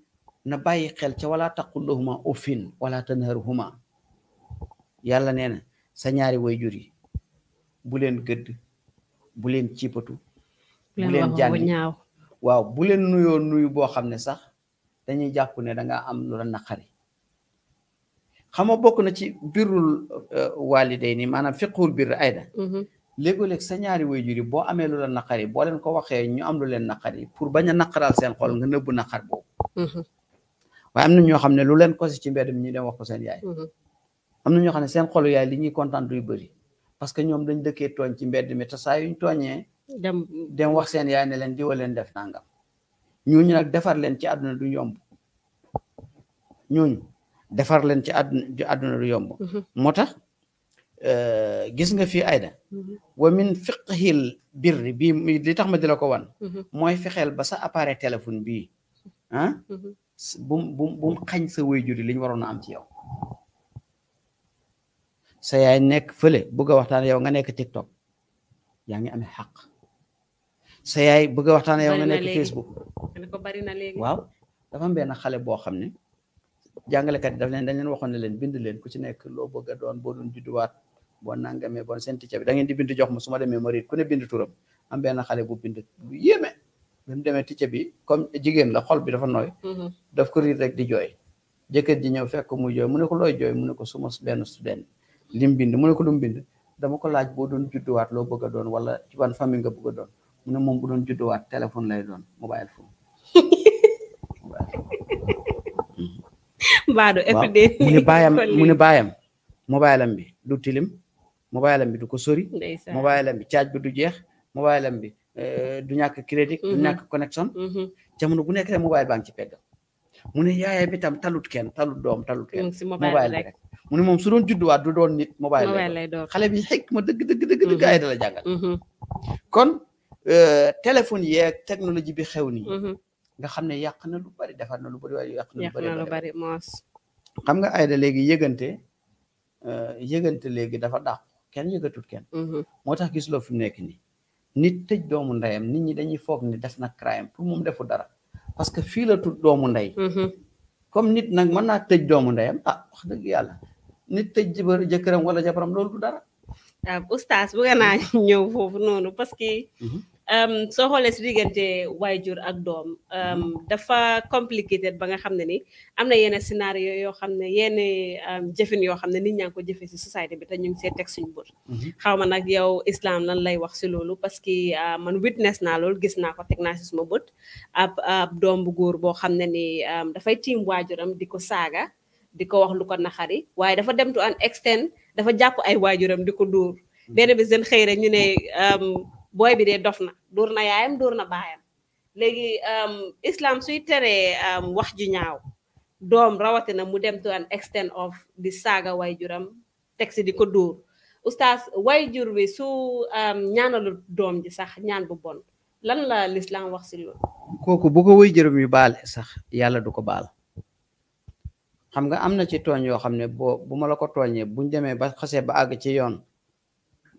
na bàyyi xel ca wala taqul lahuma uffin wala tanharhuma yàlla nee na sa ñaari woy jur yi bu leen gëdd bu leen ciipatu bu leen jànni waaw bu leen nuyoo nuyu boo xam ne sax dañuy jàpp ne danga am lu la naqari xam nga bokk na ci birrul euh, waaliday ni maanaam fiqul bir ayda mhm. léegoo-léeg sa ñaari waajur yi boo amee lu la naqari boo leen ko waxee ñu am lu leen naqari pour bañ a naqaral seen xol nga nëbbu naqar boobu mhm. waaye am na ñoo xam ne lu leen kosi ci mbedd mi ñu dem wax ko seen yaay mhm. am na ñoo xam ne seen xolu yaay li ñuy kontaan parce que ñoom dañ dëkkee tooñ ci mbedd mi te saa yuñ tooñee dem dem wax seen yaay ne leen diwa leen def nangam ñooñu nag defar leen ci àdduna du yomb ñooñu defar leen ci àdduna du yomb mhm. moo tax euh, gis nga fii ayda mhm. wa min fiqhil birri bii tax ma di ko wan mhm. mooy fexeel ba sa appareil téléphone bii ah bu bu bu mu xañ sa wéyjur yi li waroon a am ci yow sa yaay nekk fële bëgg a waxtaan yow nga nekk TikTok yaa ngi amee xaq sa yaay bëgg a waxtaan yow nga nekk Facebook waaw dafa am benn xale boo xam ne jàngalekat yi daf leen da leen waxoon ne leen bind leen ku ci nekk loo bëgg a doon boo doon judduwaat boo nangamee bon seen ticca bi dangeen ngeen di bind jox ma su ma demee ma riit ku ne bind turam am benn xale bu bind bu yéeme bi mu demee bi comme jigéen la xol bi dafa nooy mm-hmm. daf ko riit rek di jooy jëkkër ji ñëw fekk muy jooy mu ne ko looy jooy mu ko suma benn student lim bind mu ne ko lum bind dama ko laaj boo doon judduwaat loo bëgg doon wala ci ban famille nga bëgg a doon mu ne bu doon judduwaat téléphone lay doon mobile phone. Mbado baayam mu baayam mobile am bi du tilim mobile am bi du ko sori. mobile am bi charge du jeex mobile am bi euh, du ñàkk crédit. du mhm. ñàkk connexion. Mhm. jamono bu nekk rek mobile baa ngi ci pegg. mu ne yaayam itam talut kenn talut doom talut kenn. mobile rek mu moom su doon judduwaat du doon nit mobile lay doon xale bi xëy ma dëgg dëgg dëgg dëgg mhm. ay da la jàngal mhm. kon euh, téléphone yeeg technologie bi xew nii mhm. nga xam ne yàq na lu bari defar na lu bari waaye yàq na lu bari moos xam nga ayda léegi yëgante euh, yëgante léegi dafa dàq kenn yëgatut kenn moo tax gis loo fi mu nekk nii nit tëj doomu ndeyam nit ñi dañuy foog ne def na crime pour moom defu dara parce que fii la tut doomu ndey comme nit nag mën naa tëj doomu ndeyam ah dëgg yàlla nit tëj jibar jëkkëram wala jabaram loolu du dara ah, oustaz bëgg naa [laughs] ñëw foofu noonu parce que mhm. um, soo xoolee si diggante waajur ak doom um, mhm. dafa complicated ba nga xam ne ni am na yenn scénario yoo xam ne yenn um, jëfin yoo xam ne ni ñaa ngi ko jëfee si société bi te ñu ngi see teg suñu bët mhm. xaw ma nag yow islam lan lay wax si loolu parce que uh, man witness naa loolu gis naa ko teg naa a suma doom bu góor boo xam ne ni dafay tiim waajuram di ko saaga di ko wax lu ko naxari waaye dafa dem to an extent dafa jàpp ay waajuram di ko dóor benn bi seen xëy rek ñu ne um, booy bi dee dof na dóor na yaayam dóor na baayam léegi um, islam suy teree um, wax ju ñaaw doom rawatina mu dem to an extent of di saaga waajuram teg si di ko dóor oustaz waajur wi su ñaanalu doom ji sax ñaan bu bon lan la l'islam wax si loolu kooku bu ko waajuram yu baale sax yàlla du ko baal xam nga amna ci togn yo xamne ne buma la ko togné buñ démé ba xasee ba ag ci yoon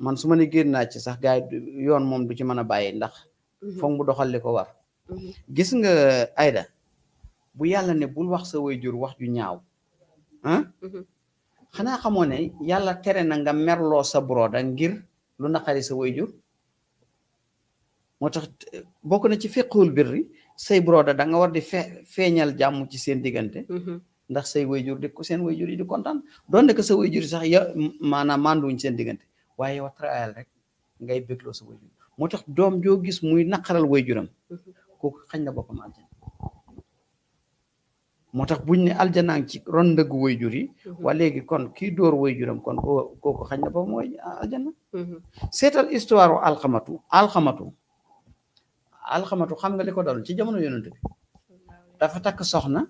man suma ni ne génn ci sax gaay yoon mom du ci mëna bayé ndax mhm. foog mu doxal liko war mhm. gis nga Aida bu yalla né bul wax sa waajur wax ju ñaaw ah mhm. xana xamone ne téré na nga merlo sa broda ngir lu naqari sa waajur jur tax bokk na ci fiqhul birri say broda da nga war di fe jamm ci seen digënté ndax say wayjur di ko sen wayjur di kontan don nek sa wayjur sax ya mandu mànduwuñ sen digënté waye wa travail rek ngay bégloo sa wayjur moo tax doom joo gis muy nakaral wayjuram ko xagn na bopam aljana moo tax buñ ne aljana ci ronde gu wayjur yi mhm. wa léegi kon ki dóor wayjuram kon ko xagn na bopam moy aljana mhm. setal histoire alxamatu alxamatu alxamatu xam nga liko ko ci jamono yonent bi dafa tak soxna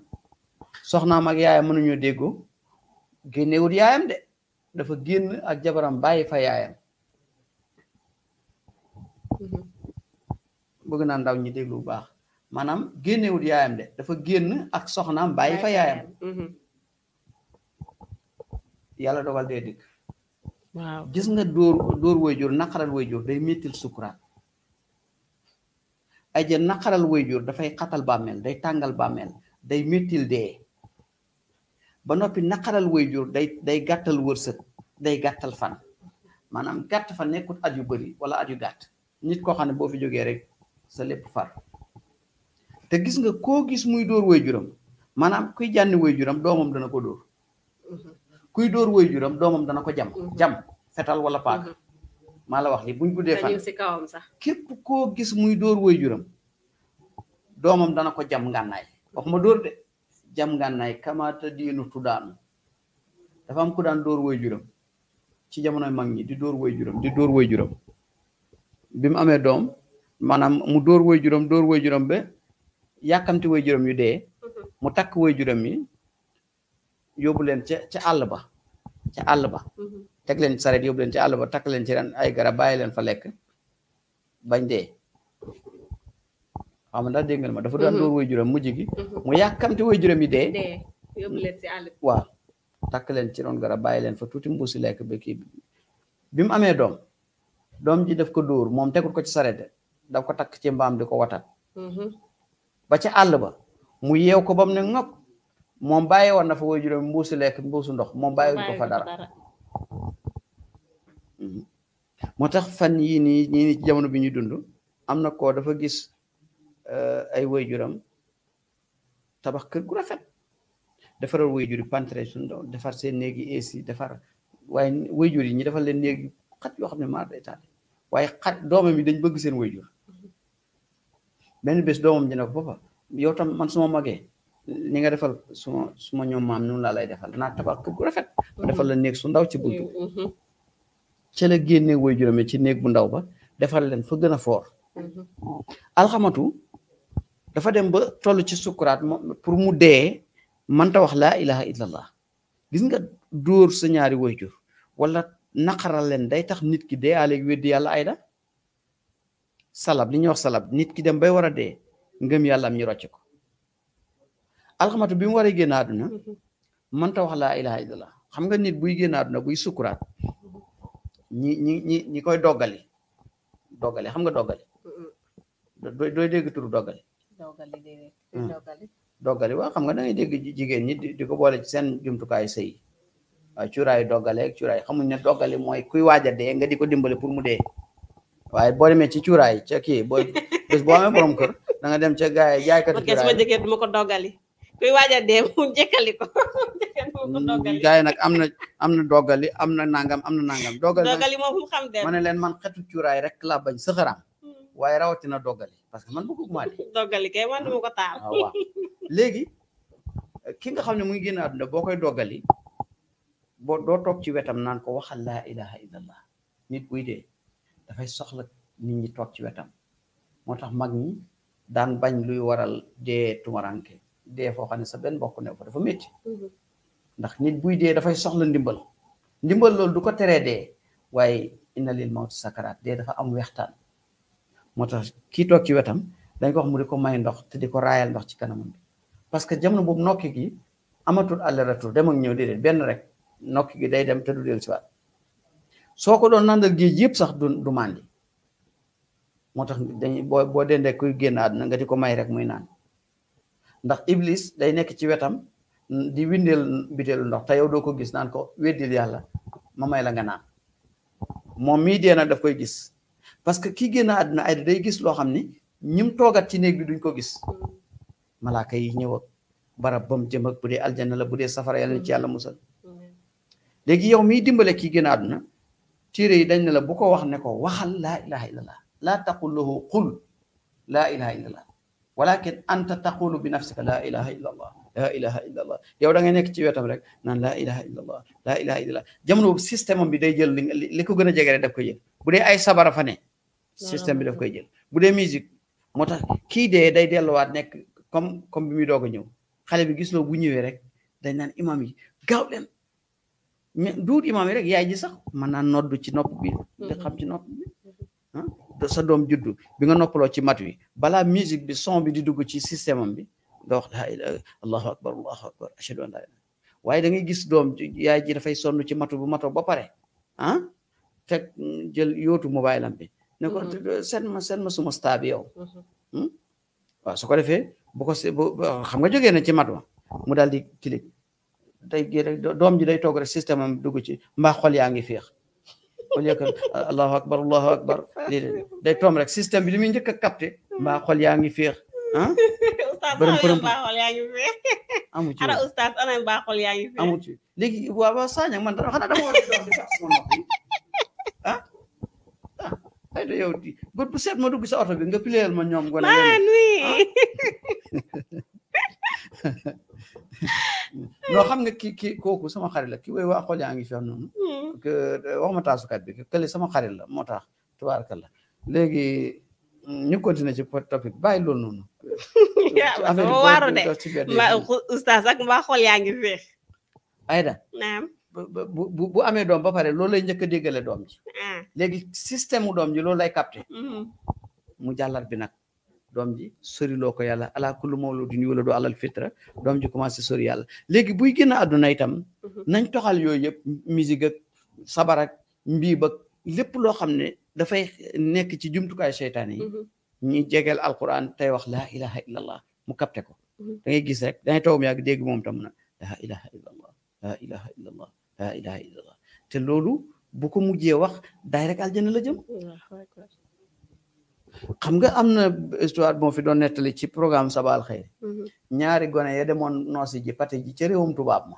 soxnaam ak yaayam mënuñu déggoo génnewut yaayam de dafa génn ak jabaram bàyyi fa yaayam mhm. bëgg naa ndaw ñi déglu bu baax maanaam génnewut yaayam de dafa génn ak soxnaam bàyyi fa yaayam mhm. yàlla dogal dee dikk gis nga dóor dóor waajur naqaral waajur day mettil sukuraat ay jël naqaral waajur dafay xatal bàmmeel day tàngal bàmmeel day mettil dee ba noppi naqaral wayjur day day gàttal wërsëg day gàttal fan maanaam gàtt fan nekkut at yu bëri wala at yu gàtt nit koo xam ne boo fi jógee rek sa lépp far te gis nga koo gis muy dóor wayjuram maanaam kuy jànni juram doomam dana ko dóor kuy dóor wayjuram doomam dana ko jam mhm. jam fetal wala paaka mhm. maa la wax li buñ guddee fan si kawam sax képp koo gis muy dóor wayjuram doomam dana ko jam ngànnaay wax dóor de jamngànnaay kamaata diinu tuddaanu dafa am ku daan dóor woy juram ci jamonoy mag ñi di dóor woy juram di dóor woy juram bi mu amee doom maanaam mu dóor woy juram dóor woy juram ba yàkkamti woy juram yu dee mu takk woy juram yi yóbbu leen ca ci àll ba ca àll ba mhm. teg leen saret yóbbu leen ca àll ba takk leen ci ren ay garab bàyyi leen fa lekk bañ dee xam ah, nga ndax dégg ma dafa daan mhm. dóor way mu mujj gi mhm. mu yàkkamte way juram yi wa takk leen ci ron garab bàyyi leen fa tuuti mbuusi lekk ba kii bi mu amee doom doom ji daf ko dóor moom tegut ko ci sarete daf ko takk ci mbaam di ko watat mhm. ba ca àll ba mu yeew ko ba mu ne ŋok moom bàyyi woon na fa way juram lekk mbuusu ndox moom bàyyi ko fa dara moo tax fan yii nii ñii jamono bi ñuy dund am na ko dafa gis Eh, ay waajuram tabax kër gu rafet defaral waajur yi pantre suñu doon defar seen néegi AC defar waaye waajur yi ñu defal leen néeg yu xat yoo xam ne maar day taal waaye xat doomam yi dañ bëgg seen waajur benn bés doomam ji ne papa yow tam man suma magee ni nga defal suma suma ñoom maam noonu laa lay defal naa tabax kër gu rafet mhm. defal la néeg su ndaw ci buntu mhm. ca la génne waajuram yi ci néeg bu ndaw ba defal leen fa gën a foor mhm. alxamatu dafa dem ba toll ci sukkuraat moom pour mu dee mënta wax laa ilaha illallah gis nga dóor sa ñaari wayjur wala naqaral leen day tax nit ki dee aléegi weddi ay da salab li ñuy wax salab nit ki dem bay war a dee ngëm yàlla am ñu rocc ko alxamatu bi mu waree génn àdduna mënta wax laa ilaha illallah xam nga nit buy génn àdduna buy sukuraat ñi ñi ñi koy doggali doggali xam nga doggali dooy dégg turu doggali doggali hmm. waaw xam nga da ngay jigéen ñi di ko boole ci seen jumtukaay sëy waaye cuuraayu doggale ak cuuraay xamuñ ne doggali mooy kuy waaja de nga di ko dimbale pour mu dee waaye boo demee ci cuuraay ca kii boo bés boo amee kër da dem ca gaay jaaykatu cuuraay sama jëkkër du ko doggali kuy waaj a mu jëkkali ko [laughs] hmm, gaay nag am na am na doggali am na nangam am na nangam doggali moom xam de ma ne leen man xetu cuuraay rek laa bañ sëxaraam waaye rawatina doggali parce que man maa de. [laughs] doggali kay man duma ko taal. Ah, waaw léegi xam ne muy génn boo koy doggali boo doo toog ci wetam naan ko waxal laa ilaha illallah nit buy dee dafay soxla nit ñi toog ci wetam moo tax mag ñi daan bañ luy waral dee tumaranke dee foo xam ne sa benn bokk ne ko dafa métti mhm. ndax nit buy dee dafay soxla ndimbal ndimbal loolu du ko teree dee waaye inna lil mawti sakaraat dee dafa am wextaan moo tax kii toog ci wetam dañ ko wax mu di ko may ndox te di ko raayal ndox ci kanamam parce que jamono boobu nokki gi amatul aller retour dem ak ñëw déedéet benn rek nokki gi day dem te du dellu soo ko doon nandal géej yëpp sax du du màndi moo tax dañuy boo boo dendee kuy génn àdduna nga di ko may rek muy naan ndax iblis day nekk ci wetam di windeel biteelu ndox te yow doo ko gis naan ko weddil yàlla ma may la nga naan moom mii dee nag koy gis parce que kii génn àdduna ay day gis loo xam ni ñim toogat ci néeg bi duñ ko gis malaaka yi ñëw ak barab bam jëm bu dee aljanna la bu dee safara yàlla ci yàlla musal léegi yow mi dimbale kii génn àdduna téere yi dañ ne la bu ko wax ne ko waxal laa ilaha illallah laa taqul lahu qul laa ilaha illallah bi nafsika laa ilaha illallah yow da ngay nekk ci wetam rek naan laa ilaha illallah laa ilaha illallah jamono boobu système bi day jël li ko gën a jege rek daf ko jël bu dee ay sabara fa ne système bi daf koy jël bu dee musique moo tax kii dee day delluwaat nekk comme comme bi muy doog a ñëw xale bi gis loo bu ñëwee rek day naan imam yi gaaw leen mais duut imam yi rek yaay ji sax mën naa noddu ci nopp bi te xam ci nopp ah, sa doom juddu bi nga noppaloo ci mat wi balaa musique bi son bi di dugg ci système am bi nga wax la allahu akbar allahu akbar ashhadu an la waaye da ngay gis doom yaay ji dafay sonn ci matu bu matoo ba pare ah fekk jël yootu mobile am bi ne ko mm-hmm. ma seet ma suma staab yow mm-hmm. hmm? waaw su ko defee bu ko xam nga jógee na ci mat ma mu daal di clic day gi doom ji day toog rek système dugg ci mbaa xol yaa ngi féex au lieu que [laughs] allahu akbar allahu akbar day toom rek système bi li mi njëkk a capté mbaa xol yaa ngi féex ah [laughs] bërëm bërëm amu ci amu ci léegi waaw waaw Sagnang man xanaa dama war ay da yow di bët bu seet ma dugg sa oto bi nga pileel ma ñoom gone noo [laughs] xam nga ki ki kooku sama xarit la ki wooy waa xool yaa ngi fi wax wax ma taasukat bi kële sama xarit la moo tax tubaarkalla léegi ñu continuer ci topic bàyyi loolu noonu [laughs] waaru de ma oustaz ak mbaa xool yaa ngi feex ayda bu bu amee doom ba pare loolu lay njëkk a déggale doom ji mm. léegi système mu doom ji loolu lay capté mm-hmm. mu jàllar bi nag doom ji sori loo ko yàlla ala kullu mawludin yuladu alal fitre doom ji commencé sori yàlla léegi buy génn àdduna itam mm-hmm. nañ toxal yooyu yëpp musique ak sabar ak lépp loo xam ne dafay nekk ci jumtukaay seytaan yi mm-hmm. ñi jegeel alquran tey wax laa ilaha illallah mu capté ko da ngay gis rek dangay taw mi yàgg moom tam na laa ilaha laa ilaha loolu bu ko mujjee wax daay rek aljana la jëm xam nga am na histoire moo fi doon nettali ci programme sabal xëy mm-hmm. ñaari gone ya demoon noosi ji pate ji ca réewum tubaab ma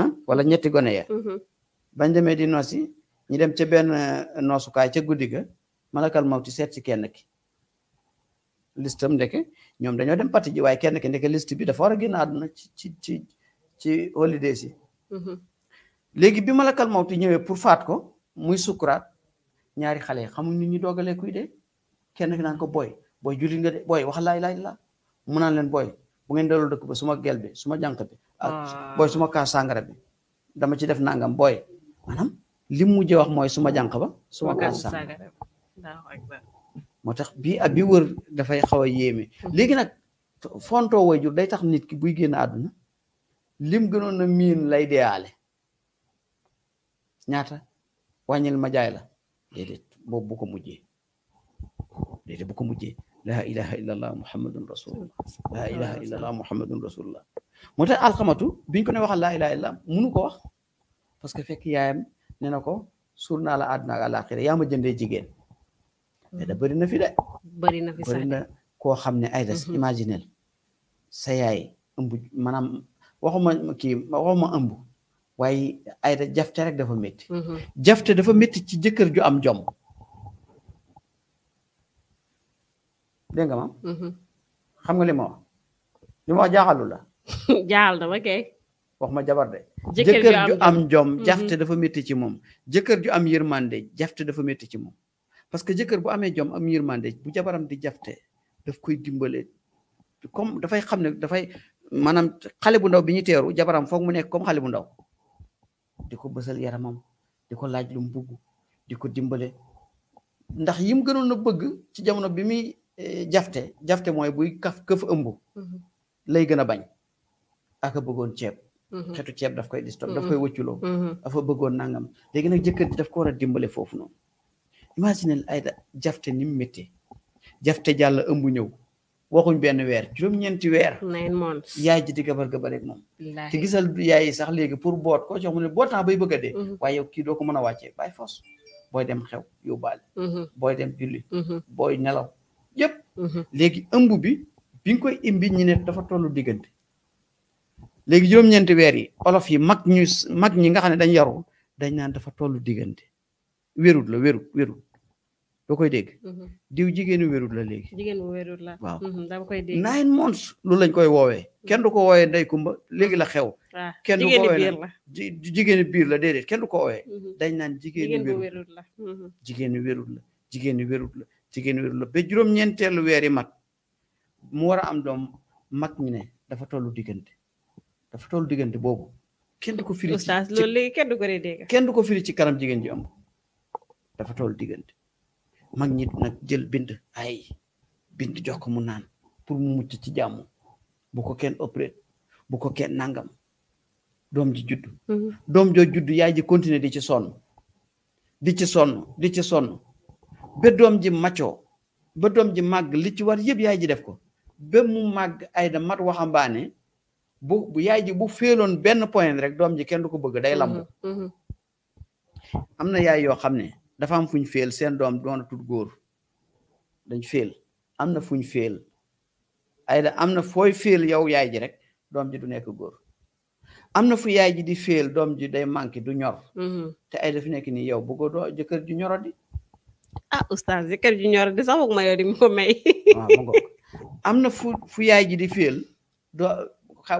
ah wala ñetti gone ya mm-hmm. bañ demee di noosi ñu dem ca benn eh, noosukaay ca guddi ga malakal mawti seet si kenn ki listam ndeke ñoom dañoo dem pati ji waaye kenn ki ndeke list bi dafa war a génn àdduna ci ci ci ci holidays yi mm-hmm. léegi bi ma malakal mawti ñëwee pour faat ko muy sukuraat ñaari xale yi xam ni ñu doogalee kuy dee kenn ki naan ko booy booy jullit nga de booy wax laay laay la mu naan leen booy bu ngeen dellu dëkk ba suma gel bi suma jànq bi ah. suma kaas sàngara dama ci def nangam booy maanaam mu mujjee wax mooy suma jànq ba suma kaas sàngara moo tax bii ak bi wër dafay xaw a yéeme mm-hmm. léegi nag fontoo way jur day tax nit ki buy génn àdduna lim gënoon a miin lay deyaale ñaata wàññil majaay jaay la déedéet boobu bu ko mujjee déedéet ko mujjee laa ilaha illallah muhammadun rasulullah moo tax alxamatu biñ ko ne waxal laa ilaha illallah munu ko wax parce que fekk yaayam ne na ko suur naa la àdduna ak àllaaxira yaa ma jëndee jigéen mais da bëri na fi de bëri na fi sax bëri koo xam ne ay des mhm. imaginel sa yaay waxuma kii waxuma ëmb waaye ay da jafte rek dafa metti mm-hmm. jafte dafa métti ci jëkkër ju am jom dégg nga maam mm-hmm. xam nga li ma wax li ma wax jaaxalu la [laughs] jaaxal na ma wax ma jabar de jëkkër ju am jom mm-hmm. jafte dafa métti ci moom jëkkër ju am yërmande jafte dafa métti ci moom parce que jëkkër bu amee jom am yërmande bu jabaram di jafte daf koy dimbale comme dafay xam ne dafay maanaam xale bu ndaw bi ñu teeru jabaram foog mu nekk comme xale bu ndaw diko ko bësal yaramam di ko laaj lu mu bugg di ko dimbale ndax yim gënoon a bëgg ci jamono bi muy eh, jafte jafte mooy buy kaf këf ëmb mm-hmm. lay gën a bañ aka bëggoon ceeb mm-hmm. xetu ceeb daf koy distop daf mm-hmm. koy wëcculoo dafa bëggoon nangam léegi nag jëkkër ji daf ko war a dimbale foofu noonu imagine ay jafte ni mu métti jafte jàll ëmb ñëw waxuñ benn weer juróom-ñeenti weer. yaay ji di gabar gabar ak moom. te gisal yaay yi sax léegi pour boot ko jox mu ne bootaa bay bëgga a mhm. waaye yow kii doo ko mën a wàccee bàyyi foos booy dem xew yóbbaale. Mhm. booy dem julli. Mhm. booy nelaw yépp léegi ëmb bi bi koy imbi ñu ne dafa tollu diggante. léegi juróom-ñeenti weer yi olof yi mag ñu mag ñi nga xam ne dañ yaru dañ naan dafa tollu diggante wérut la wérut wérut. doo koy dégg. Mhm. diw jigéenu wérut la léegi. jigéenu wérut la waaw. Mhm, dama koy dégg nine months loolu lañ koy woowee. kenn du ko woowee ndey kumba léegi la xew. waaw ah, kenn du ko woowee jigéenu biir la déedéet kenn du ko woowee. Mhm. dañ naan jigéenu wérut la jigéenu wérut la jigéenu wérut la jigéenu wérut la ba juróom-ñeenteelu weer yi mat mu war a am doom mag ñi ne dafa tollu diggante dafa tollu diggante boobu kenn du ko firi. ci oustaz loolu léegi firi ci kanam jigéen ji am dafa tollu diggante. mag ñi nag jël bind ay bind jox ko mu naan pour mu mucc ci jàmm bu ko kenn opéré bu ko kenn nangam doom ji judd mhm. doom joo judd yaay ji continuer di ci sonn di ci sonn di ci sonn ba doom ji maccoo ba doom ji màgg li ci war yëpp yaay ji def ko ba mu màgg ayda da mat waxambaane bu yaay ji bu feeloon benn point rek doom ji kenn du ko bëgg day lamb mhm. Mhm. am na yaay yoo xam ne dafa am fuñ féel seen doom doon tut góor dañ féel am na fuñ féel ay da am na fooy féel yow yaay ji rek doom ji du nekk góor am na fu yaay ji di féel doom ji day manqué du ñor mm-hmm. te ay da fi nekk ni yow bëggoo doo jëkkër ju ñoro di ah oustaz jëkkër sax ma yow di mu may [laughs] ah, am na fu fu yaay ji di féel doo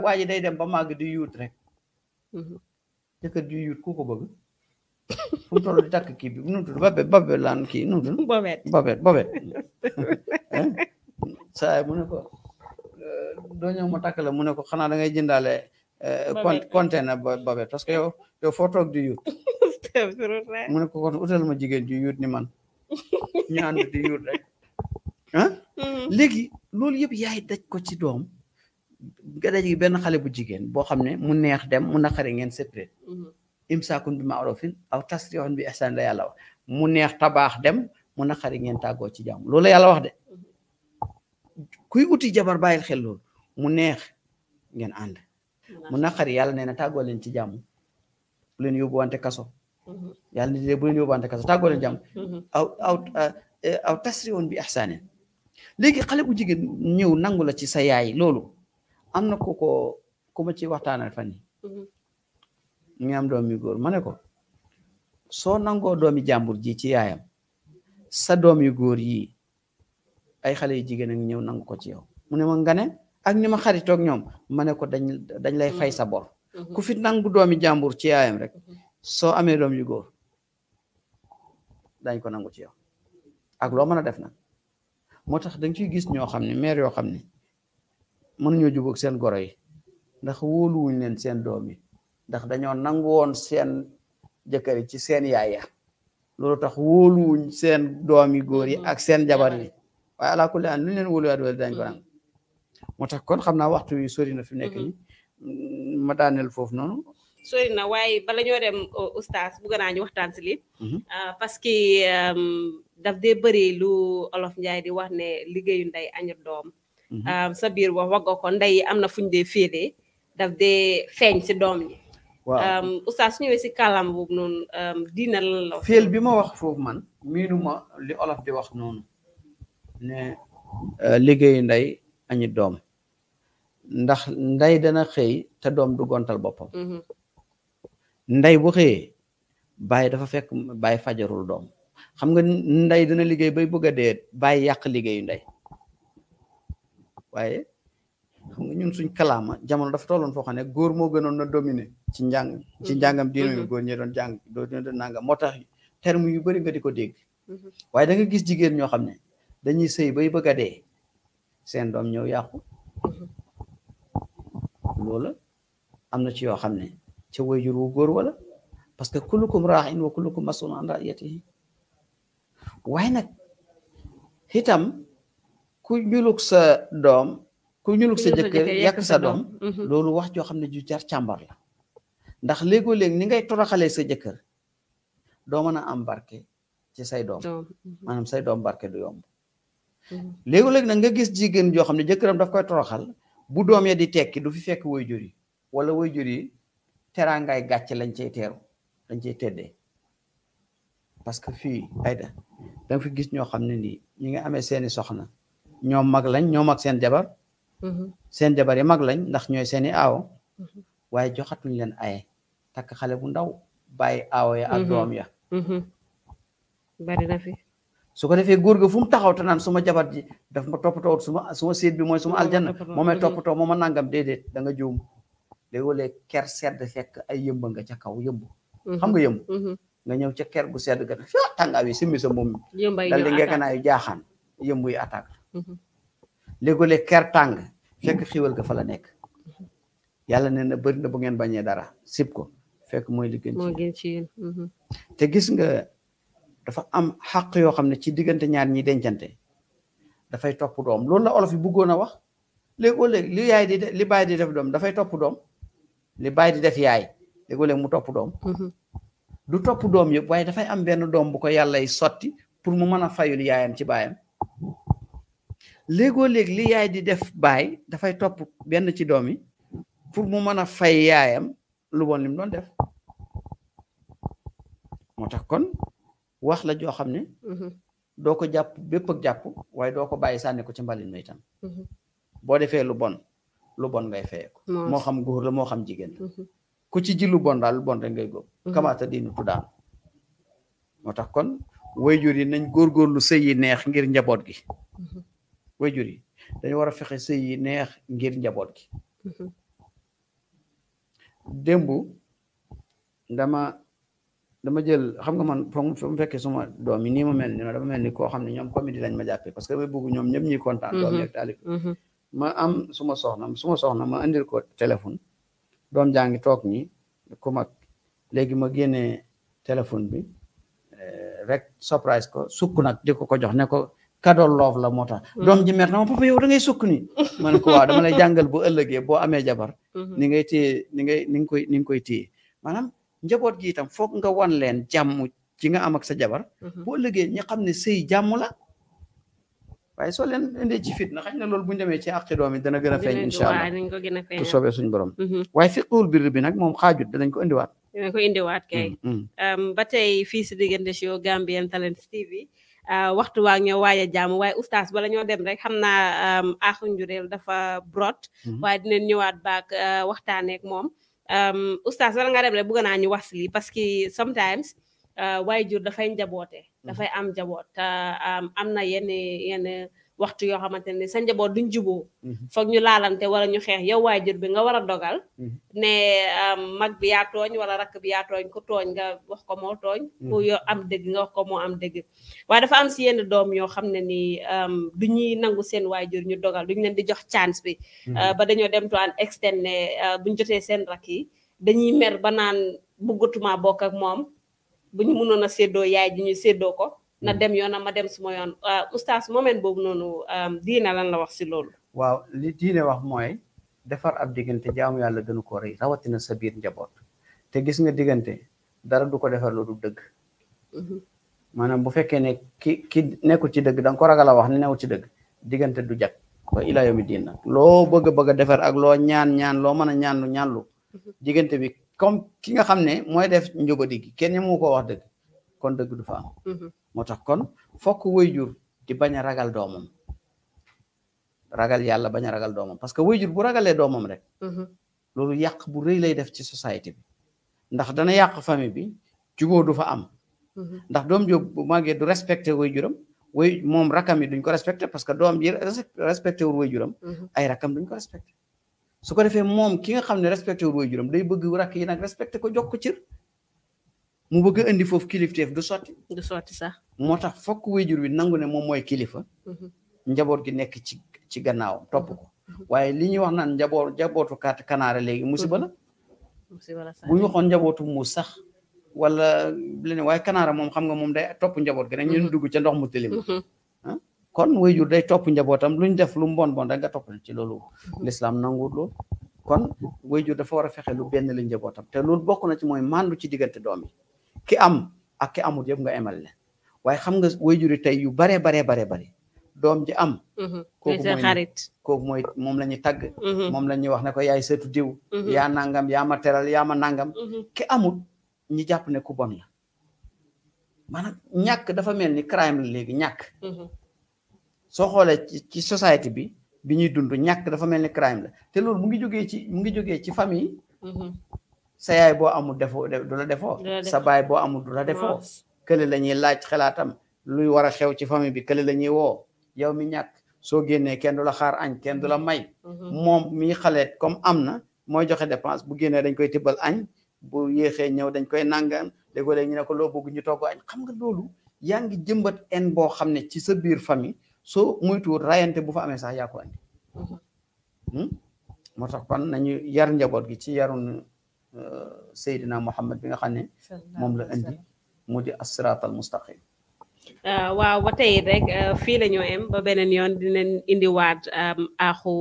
waa day dem ba màgg di yuut rek mm-hmm. jëkkër ju yuut ku ko bëgg fu mu toll takk kii bi nu mu tudd babet babet laan kii nu mu tudd. bobet bobet bobet. [laughs] saa mu ne ko eh, doo ñëw takk la mu ne ko xanaa da jëndaale. Eh, bobet container bobet parce que yow yow foo toog di yuut. mu ne ko kon utal ma jigéen ju yuut ni man ñu di yuut rek. ah. léegi loolu yëpp yaay daj ko ci doom. nga daj benn xale bu jigéen boo xam ne mu neex dem mu naqari ngeen séparé. Hmm. imsaakun ma maarofin aw tasrihun bi ihsaan la yàlla wax mu neex tabaax dem mu naqari ngeen tàggoo ci jàmm loolu yàlla wax de kuy uti jabar bàyyil xel loolu mu neex ngeen ànd mu naqari yàlla nee na tàggoo leen ci jàmm bu leen yóbbuwante kaso yàlla ne bu leen yóbbuwante kaso tàggoo leen aw aw aw tasrihun bi ihsaanin léegi xale bu jigéen ñëw nangu la ci sa yaay loolu am na ku ko ku ci waxtaanal fan yi mi doom yu góor ma ne ko soo nangoo doomi jàmbur ji ci yaayam sa doom yu góor yi ay xale yu jigéen ak ñëw nangu ko ci yow mu ne ma nga ne ak ni ma xaritoog ñoom ma ne ko dañ dañ lay fay sa bor mm-hmm. ku fi nangu doomi jàmbur ci yaayam rek mm-hmm. soo amee doom yu góor dañ ko nangu ci yow ak loo mën a def nag moo tax dañ ciy gis ñoo xam ne maire yoo xam ne mënuñoo jubóog seen goro yi ndax wóoluwuñ leen seen doom yi ndax dañoo nangu woon seen jëkkër ci seen yaaya loolu tax wóoluwuñ seen doomi góor yi mm-hmm. ak seen jabar yi waaye ala kulli an lu leen wóoluwaat wala dañ ko am mm-hmm. moo tax kon xam na waxtu wi sori na fi nekk ni mm-hmm. ma daaneel foofu noonu sori na waaye bala ñoo dem oustaz bëgg waxtaan si lii ah, parce que um, daf dee bëri lu olof njaay di wax liggéeyu ndey añu doom ah, sa biir wax wagga ko ndey am na fuñ dee féedee daf dee feeñ si doom yi waaw oustaz su ñëwee si kàllaama boobu noonu diina la la wax. féel bi ma wax foofu man miinu ma li olof di wax noonu ne euh, liggéeyu ndey añi doom ndax nday dana xëy te doom du gontal boppam. Mhm. ndey bu xëyee bàyyi dafa fekk bàyyi fajarul doom xam nga ndey dana liggéey bay bëgg a dee bàyyi yàq liggéeyu ndey waaye. xam ñun suñ kalaama jamono dafa tolloon foo xam ne góor moo gënoon na dominé ci njàng ci mhm. njàngam diine mi mhm. góor ñi doon jàng doo doon nanga moo tax terme yu bari nga di ko mhm. waaye danga nga gis jigéen ñoo xam ne dañuy sëy bay bëgg a dee seen doom ñëw yàqu loola am na ci yoo xam ne ca wayjur wu góor wala parce que kullukum raaxin wa kullukum mas'uulun an ra'iyyatihi waaye nag itam ku juluk sa doom ku ñuluk sa jëkkër yak sa doom mhm. loolu wax joo xam ne ju jar càmbar la ndax léegoo-léeg ni ngay toroxalee sa jëkkër doo mën a am barke ci say doom mhm. maanaam say doom barke du yomb mhm. léegoo-léeg nag nga gis jigéen joo xam ne jëkkëram daf koy toroxal bu doom ya di tekki du fi fekk way jur yi wala way jur yi teraangaay gàcce lañ cay teeru dañ cay teddee parce que fii ayda nga fi gis ñoo xam ne nii ñi nga amee seeni soxna ñoom mag lañ ñoom ak seen jabar Mhm. seen jabar yi mag lañ ndax ñooy seeni aawo mhm. waaye joxatuñ leen aye takk xale bu ndaw bàyyi aawo ya ak mhm. doom ya bari na fi su ko defee góor ga fu mu taxaw te naan suma jabar ji daf ma toppatoo suma suma séet bi mooy suma aljanna moo may toppatoo moo ma nangam déedéet da nga juum léegoolee ker sedd fekk ay yëmba nga ca kaw yëmb xam nga yëmb nga ñëw ca ker gu sedd ga tàngaa wi simmi sa moom dal di ngekkanaayu jaaxaan yëmb yi attaque léegoo-léeg ker tàng fekk xiwal ga fa la nekk yàlla nee na bari na bu ngeen bañee dara sib ko fekk mooy li gën ci mhm. te gis nga dafa am xaq yoo xam ne ci diggante ñaar ñi dencante dafay topp doom loolu la olof yi bëggoon a wax léegoo li di li baay di def doom dafay topp doom li baay di def yaay léegoo-léeg mu topp doom mhm. du topp doom yëpp waaye dafay am benn doom bu ko yàllay sotti pour mu mën a fayul yaayam ci baayam léegoo léeg li yaay di def baay dafay topp benn ci doom yi pour mu mën a fay yaayam lu bon lim doon def moo tax kon wax la joo xam ne. Mm-hmm. doo ko jàpp bépp ak jàpp waaye doo ko bàyyi sànni ko ci mbalin ma itam. Mm-hmm. boo defee lu bon lu bon ngay fayeeku. moo xam góor la moo xam jigéen mm-hmm. ku ci ji lu bon daal lu bon rek ngay góob. kamaata diinu tuddaan moo tax kon jur yi nañ góorgóorlu sëy yi neex ngir njaboot gi. wayjur yi dañu war a fexe sëy neex ngir njaboot gi mhm. démb dama dama jël xam nga man fa mu suma doom yi nii mel ni ma dama mel ni koo xam ne ñoom comédie lañ ma jàppee parce que damay bëgg ñoom ñëpp ñuy doom yeeg taalib mhm. ma am suma soxna suma soxna ma indil ko téléphone doom jaa ngi toog nii ku léegi ma génnee téléphone bi eh, rek surprise ko sukk nag di ko ko jox ne kadol lof la mota tax mm. ji mer na papa yow da ngay sukk ni ma ko wa dama lay jangal bu ëllëgee bo amé jabar mm-hmm. ni ngay té ni ngay ni nga ni nga té manam njabot gi tam fokk nga wan len jamu. ci nga am ak sa jabar mm-hmm. bu ëllëgee ñi xam sey sëy la waaye so len indi ci fitna xagn na lol bu ñu ci àqi doom dana gën a feeñ ko allah bu soobee suñ borom mm-hmm. waaye fiqul bir bi nak mom xajut dañ ko waat dañ ko waat kay um, batay fi ci digënde ci yo Gambian talent TV Euh, waxtu waa ñëw waaye jàmm waaye oustaz bala ñoo dem rek xam naa um, aaxu njureel dafa brot mhm. waaye dinañ ñëwaat baak uh, waxtaaneek moom oustaz um, bala nga dem rek bëgg naa ñu wax si lii parce que sometimes uh, waay jur dafay njaboote mhm. dafay am njaboot uh, um, am na yenn yenn waxtu yoo xamante ne sa njaboot duñ juboo mhm. foog ñu laalante wala ñu xeex yow waajur bi nga war a dogal mhm. ne mag bi yaa tooñ wala rakk bi yaa tooñ ku tooñ nga wax ko moo tooñ mhm. ku yoo am dëgg nga wax ko moo am dëgg waa dafa am si yenn doom yoo xam ne ni du ñuy nangu seen waajur ñu dogal duñ leen di jox chance bi euh, ba dañoo dem tuwaan externe ne euh, buñ jotee seen rakk yi dañuy mer ba naan bëggatuma bokk ak moom buñu mënoon a séddoo yaay ji ñu séddoo ko na dem yoonam ma dem suma yoon oustaz moment boobu noonu um, diine lan la wax si loolu. waaw li diine wax mooy defar ab diggante jaamu yàlla gënu ko rëy rawatina sa biir njaboot te gis nga diggante dara du ko defar loolu dëgg. Mhm. maanaam bu fekkee ne ki ki nekku ci dëgg da nga ko ragal a wax ne newul ci dëgg diggante du jag ba ilaa yomi diin loo bëgg bëgg defar ak loo ñaan ñaan loo mën a ñaanlu ñaanlu mhm. diggante bi comme ki nga xam ne mooy def njógadi digg kenn mu ko wax dëgg. kon dëgg du fa am mhm. moo tax kon fokk jur di bañ ragal doomam ragal yàlla bañ ragal doomam parce que jur bu ragalee doomam rek mhm. loolu yàq bu rëy lay def ci société bi ndax dana yàq famille bi juboo du fa am mhm. ndax doom jo bu màggee du respecté wayjuram way moom rakam yi duñ ko respecté parce que doom ji respecté wul wayjuram ay rakam duñ ko respecté su ko defee moom ki nga xam ne respecté wul wayjuram day bëgg rakk yi nag respecté ko jox mu bëgg a indi foofu kilifteef du sotti. du sotti sax moo tax fokk wéjur wi nangu ne moom mooy kilifa. Mhm. njaboot gi nekk ci ci gannaaw topp ko. Mhm. waaye li ñuy wax naan njaboot njabootu kaat kanaara léegi musiba la. Mhm. musiba la bu ñu waxoon njabootu mu sax. wala leneen waaye kanaara moom xam nga moom day topp njaboot gi rek ñu dugg ca ndox mu tilim. Ah, kon wéjur day topp njabootam lu def lu mbon bon rek nga topp ci loolu. lislaam nanguwul lool. dafa war a fexe lu benn la njabootam te lool bokk na ci mooy mandu ci diggante doom yi. ki am ak ki amul yëpp nga emal leen waaye xam nga waajur yi tey yu baree baree baree bari doom ji am mhm. kooku mooy kooku mooy moom la ñuy tagg mhm. moom la ñuy wax ne ko yaay seetu diw mhm. yaa nangam yaa ma teral yaa ma nangam ki amul ñi jàpp ne ku bon la maanaam ñàkk dafa mel ni crime la léegi ñàkk soo xoolee ci société bi bi ñuy dund ñàkk dafa mel ni crime la te loolu mu ngi jógee ci mu ngi jógee ci famille sa yaay boo amul defoo du la defoo sa baay boo amul du la defoo kële la ñuy laaj xalaatam luy war a xew ci famille bi kële lañuy woo yow mi ñàkk soo génnee kenn du la xaar añ kenn du la may mm-hmm. moom mi xaleet comme am na mooy joxe dépense bu génnee dañ koy tëbal añ bu yéexee ñëw dañ koy nàngam léegoo ñu ne ko loo bëgg ñu togg añ xam nga loolu yaa ngi jëmbat en boo xam ne ci sa biir famille soo muytuwut rayante bu fa amee sax yaa ko andi mm-hmm. hmm? moo tax kon nañu yar njaboot gi ci yarun Euh, Seydina Muhammad bi nga xam ne moom la indi mu di asiraatal mustaqim euh, waaw ba tey rek euh, fii la ñoo em ba beneen yoon dinañ indiwaat aaxu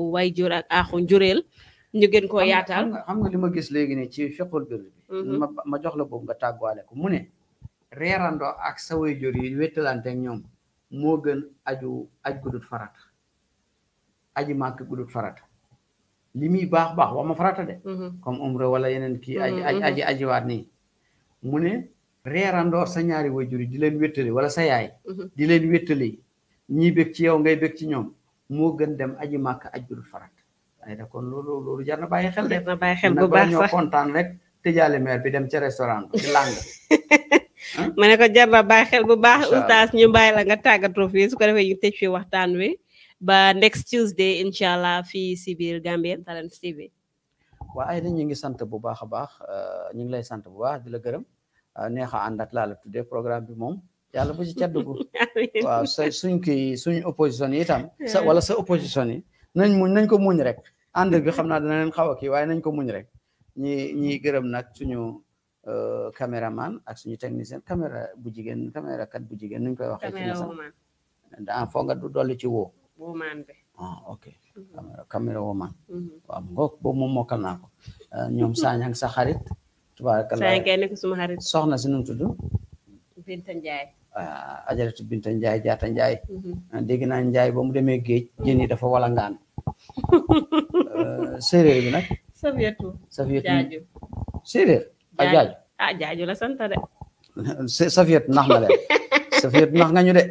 aaxu njureel ñu gën koo yaatal xam nga li ma gis léegi ne ci fiqul bi mhm. ma jox la boobu nga tàgguwaale ko mu ne reerando ak sa wayjur yi wéttalante ak ñoom moo gën aju aj gudut farata aji màkk gudut farata limi bax bax baax ma farata de. Mhm. comme umra wala yenen ki aji aji mhm, mhm. aji wat ni mune rerando sa ñaari wajur di len wetele wala sa yaay. di len wetele ñi bekk ci yow ngay bekk ci ñom mo gën dem aji mak aji dul farata ay da kon lolu lolu jarna baye xel de. jar na bàyyi xel bu baax sax contane kontaan rek tëjaale mer bi dem ci restaurant ci lang mané ko jarna baye xel bu baax. oustaz ñu bàyyi la nga tàggatoo fi su ko defé ñu tëj fi waxtan wi. ba next Tuesday incha allah fii si biir Gambian Talents TV. waa ay ñu ngi sant bu baax a baax euh, ñu ngi lay sant bu baax di la gërëm euh, neex a ànd ak laal la tuddee programme bi moom yàlla bu ci cat dugg [laughs] waaw sa suñ kii suñ opposition yi itam [laughs] sa wala sa opposition yi nañ muñ nañ ko muñ rek ànd bi xam naa dina leen xaw a kii waaye nañ ko muñ rek ñi ñi gërëm nag suñu euh, caméraman ak suñu technicien caméra bu jigéen caméra kat bu jigéen nuñ koy waxee ci na nga du dolli ci woo woman bi ah ok mm-hmm. caméra woman mm-hmm. waaw ngoog boobu moom mokkal naa ko eh, ñoom saañang [laughs] sa xarit tubaarkalla xarit soxna si nu mu tudd Binta Njaay ah, ajaratu Binta Njaay jaata Njaay dégg naa Njaay ba mu demee géej jën yi dafa wala ngaan eh, séeréer bi nag Safiyetu Safiyet a jaaju ah, ah la [laughs] nax na leen [laughs] nax nga ñu de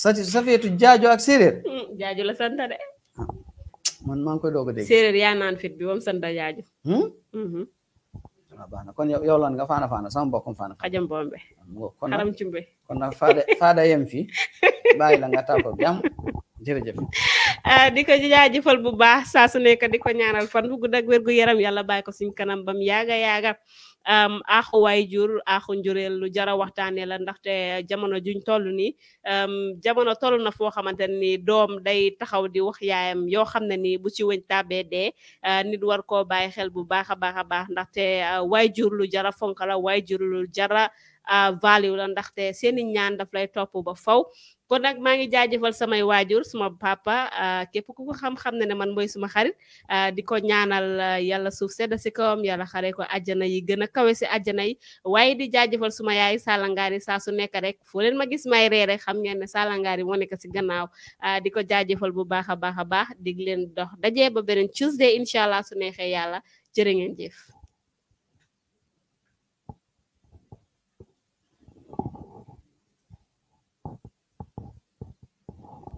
sati safeetu jaajo ak séeréer. Mm, jaajo la sant de. Ah, man maa ngi koy doog a dégg. séeréer naan fit bi ba mu sant jaajo. Hmm? Mm-hmm. Ah, baax na kon yow lan nga faana faana sama mbokkum faana faana. xajam bombe ah, kon nag faada faada yem fi bàyyi la nga tàggoo jàmm jërëjëf. [laughs] di ko jaajëfal bu baax saa su nekk ñaanal fan bu gudd ak gu yaram yàlla bàyyi ko suñu kanam bam yaaga yaaga. aaxu waayjur aaxu njureel lu jara waxtaanee la ndaxte jamono juñ toll nii jamono toll na foo xamante ni doom day taxaw di wax yaayam yoo xam ne ni bu ci wëñ tàbbee dee nit war koo bàyyi xel bu baax a baax a baax ndaxte waayjur lu jara fonk la waayjur lu jara value la ndaxte seeni ñaan daf lay topp ba faw kon nag maa ngi jaajëfal samay waajur suma papa ah, képp ku ko xam-xam ne ne man mooy suma xarit ah, di ko ñaanal ah, yàlla suuf sedd si kawam yàlla xaree ko àjjana yi gën a kawe si àjjana yi waaye di jaajëfal suma yaay salangaari saa su nekk rek foo leen ma gis may reere xam ngeen ne salangaari moo nekk si gannaaw di ko jaajëfal bu baax a baax a baax dig leen dox dajee ba beneen Tuesday incha allah su neexee yàlla jërë ngeen jëf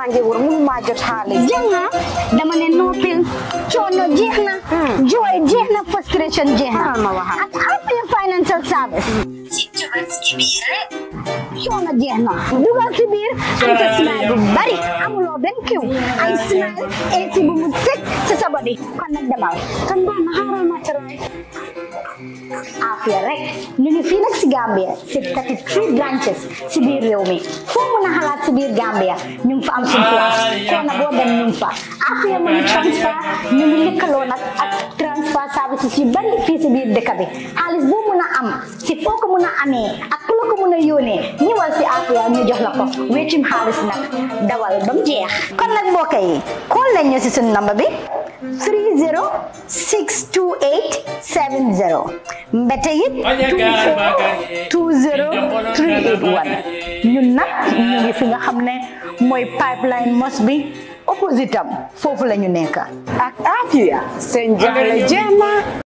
maa ngi wër mënu maa jot xaalis jeex na dama ne noppil coono jeex na hmm. jooy jeex na frustration Financial Service coono jeex na dugal si biir am sa smile bu bari amuloo benn kiw ay smile eesi bu mu sëkk si sa body Afia rek ñu ngi fii Gambia si 33 branches si biir réew mi foo biir Gambia ñu ngi fa am suñu place koo na boo Afia Money Transfer ñu ngi transfer services yu bari fii si biir bi a am si foo ko mën a amee ak ku la ko mën a yónnee ñëwal si Afia ñu jox la ko dawal ba mu jeex kon nag number bi 3062870 tayo mbete yi 20 20381 ñun nag ñu ngi fi nga xam ne mooy pipeline mos bi opposite am foofu la ñu nekk ak Afia seen jàll jéema